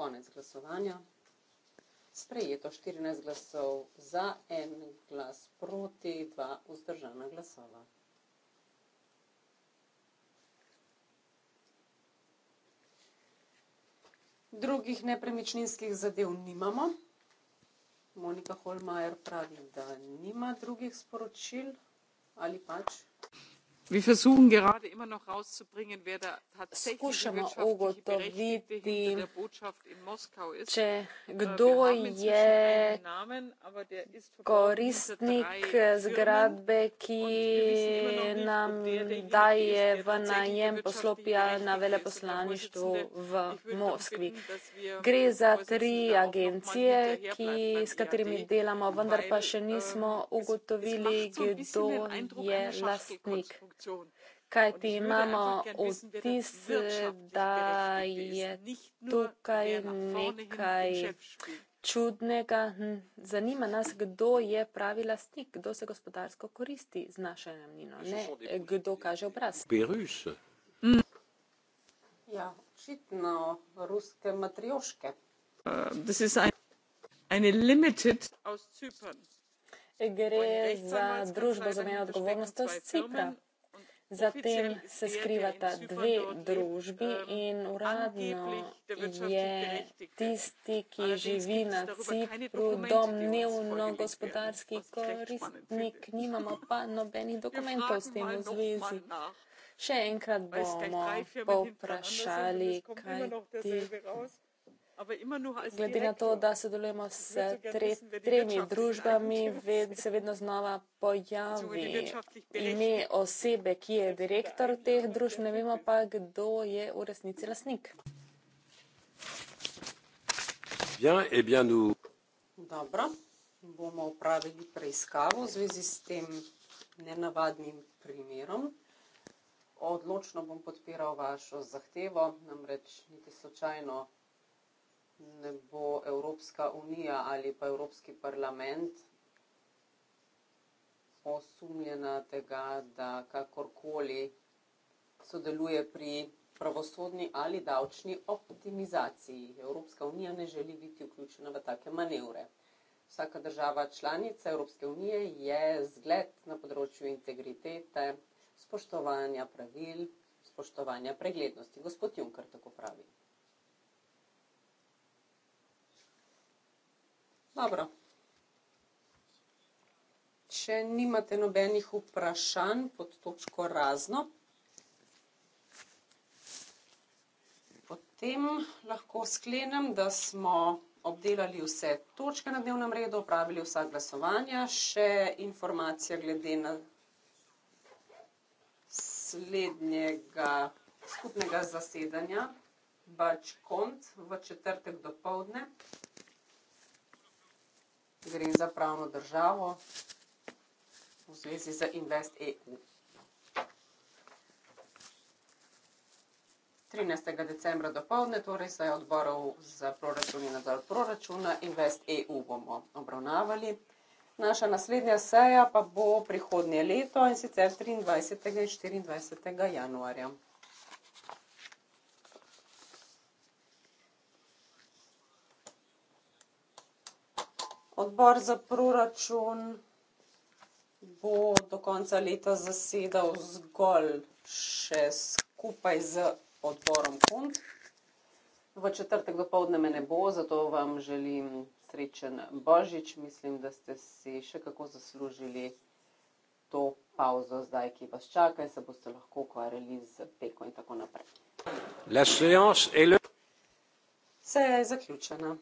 Konec glasovanja. Sprejeto 14 glasov za, en glas proti, dva vzdržana glasova. drugih nepremičninskih zadev nimamo. Monika Holmajer pravi, da nima drugih sporočil ali pač. Skušamo ugotoviti, če äh, kdo je koristnik zgradbe, ki nam daje v najem poslopja na veleposlaništvu v Moskvi. Gre za tri agencije, ki, s katerimi delamo, vendar pa še nismo ähm, ugotovili, kdo je lastnik kajti imamo vtis, da je tukaj nekaj čudnega. Hm, zanima nas, kdo je pravi lastnik, kdo se gospodarsko koristi z našo namnino, ne kdo kaže obraz. Beruš. Ja, očitno ruske matrioške. Uh, Gre za družbo za mejo odgovornost iz Cipra. Zatem se skrivata dve družbi in uradno je tisti, ki živi na Cipru, domnevno gospodarski koristnik, nimamo pa nobenih dokumentov s tem v zvezi. Še enkrat bomo ja povprašali, kaj ti Glede na to, da sodelujemo s tre, tremi družbami, ved, se vedno znova pojavi ime osebe, ki je direktor teh družb, ne vemo pa, kdo je v resnici lasnik. Eh Dobro, bomo upravili preiskavo v zvezi s tem nenavadnim primerom. Odločno bom podpiral vašo zahtevo, namreč niti slučajno ne bo Evropska unija ali pa Evropski parlament osumljena tega, da kakorkoli sodeluje pri pravosodni ali davčni optimizaciji. Evropska unija ne želi biti vključena v take manevre. Vsaka država članica Evropske unije je zgled na področju integritete, spoštovanja pravil, spoštovanja preglednosti. Gospod Juncker tako pravi. Dobro. Če nimate nobenih vprašanj pod točko razno, potem lahko sklenem, da smo obdelali vse točke na dnevnem redu, opravili vsa glasovanja, še informacija glede na slednjega skupnega zasedanja Bačkont v četrtek do povdne gre za pravno državo v zvezi z Invest EU. 13. decembra do povdne, torej se je odborov za proračun in nadal proračuna Invest EU bomo obravnavali. Naša naslednja seja pa bo prihodnje leto in sicer 23. in 24. januarja. Odbor za proračun bo do konca leta zasedal zgolj še skupaj z odborom Kund. V četrtek dopoledne me ne bo, zato vam želim srečen Božič. Mislim, da ste si še kako zaslužili to pauzo zdaj, ki vas čaka in se boste lahko ukvarjali z peko in tako naprej. Seja je zaključena.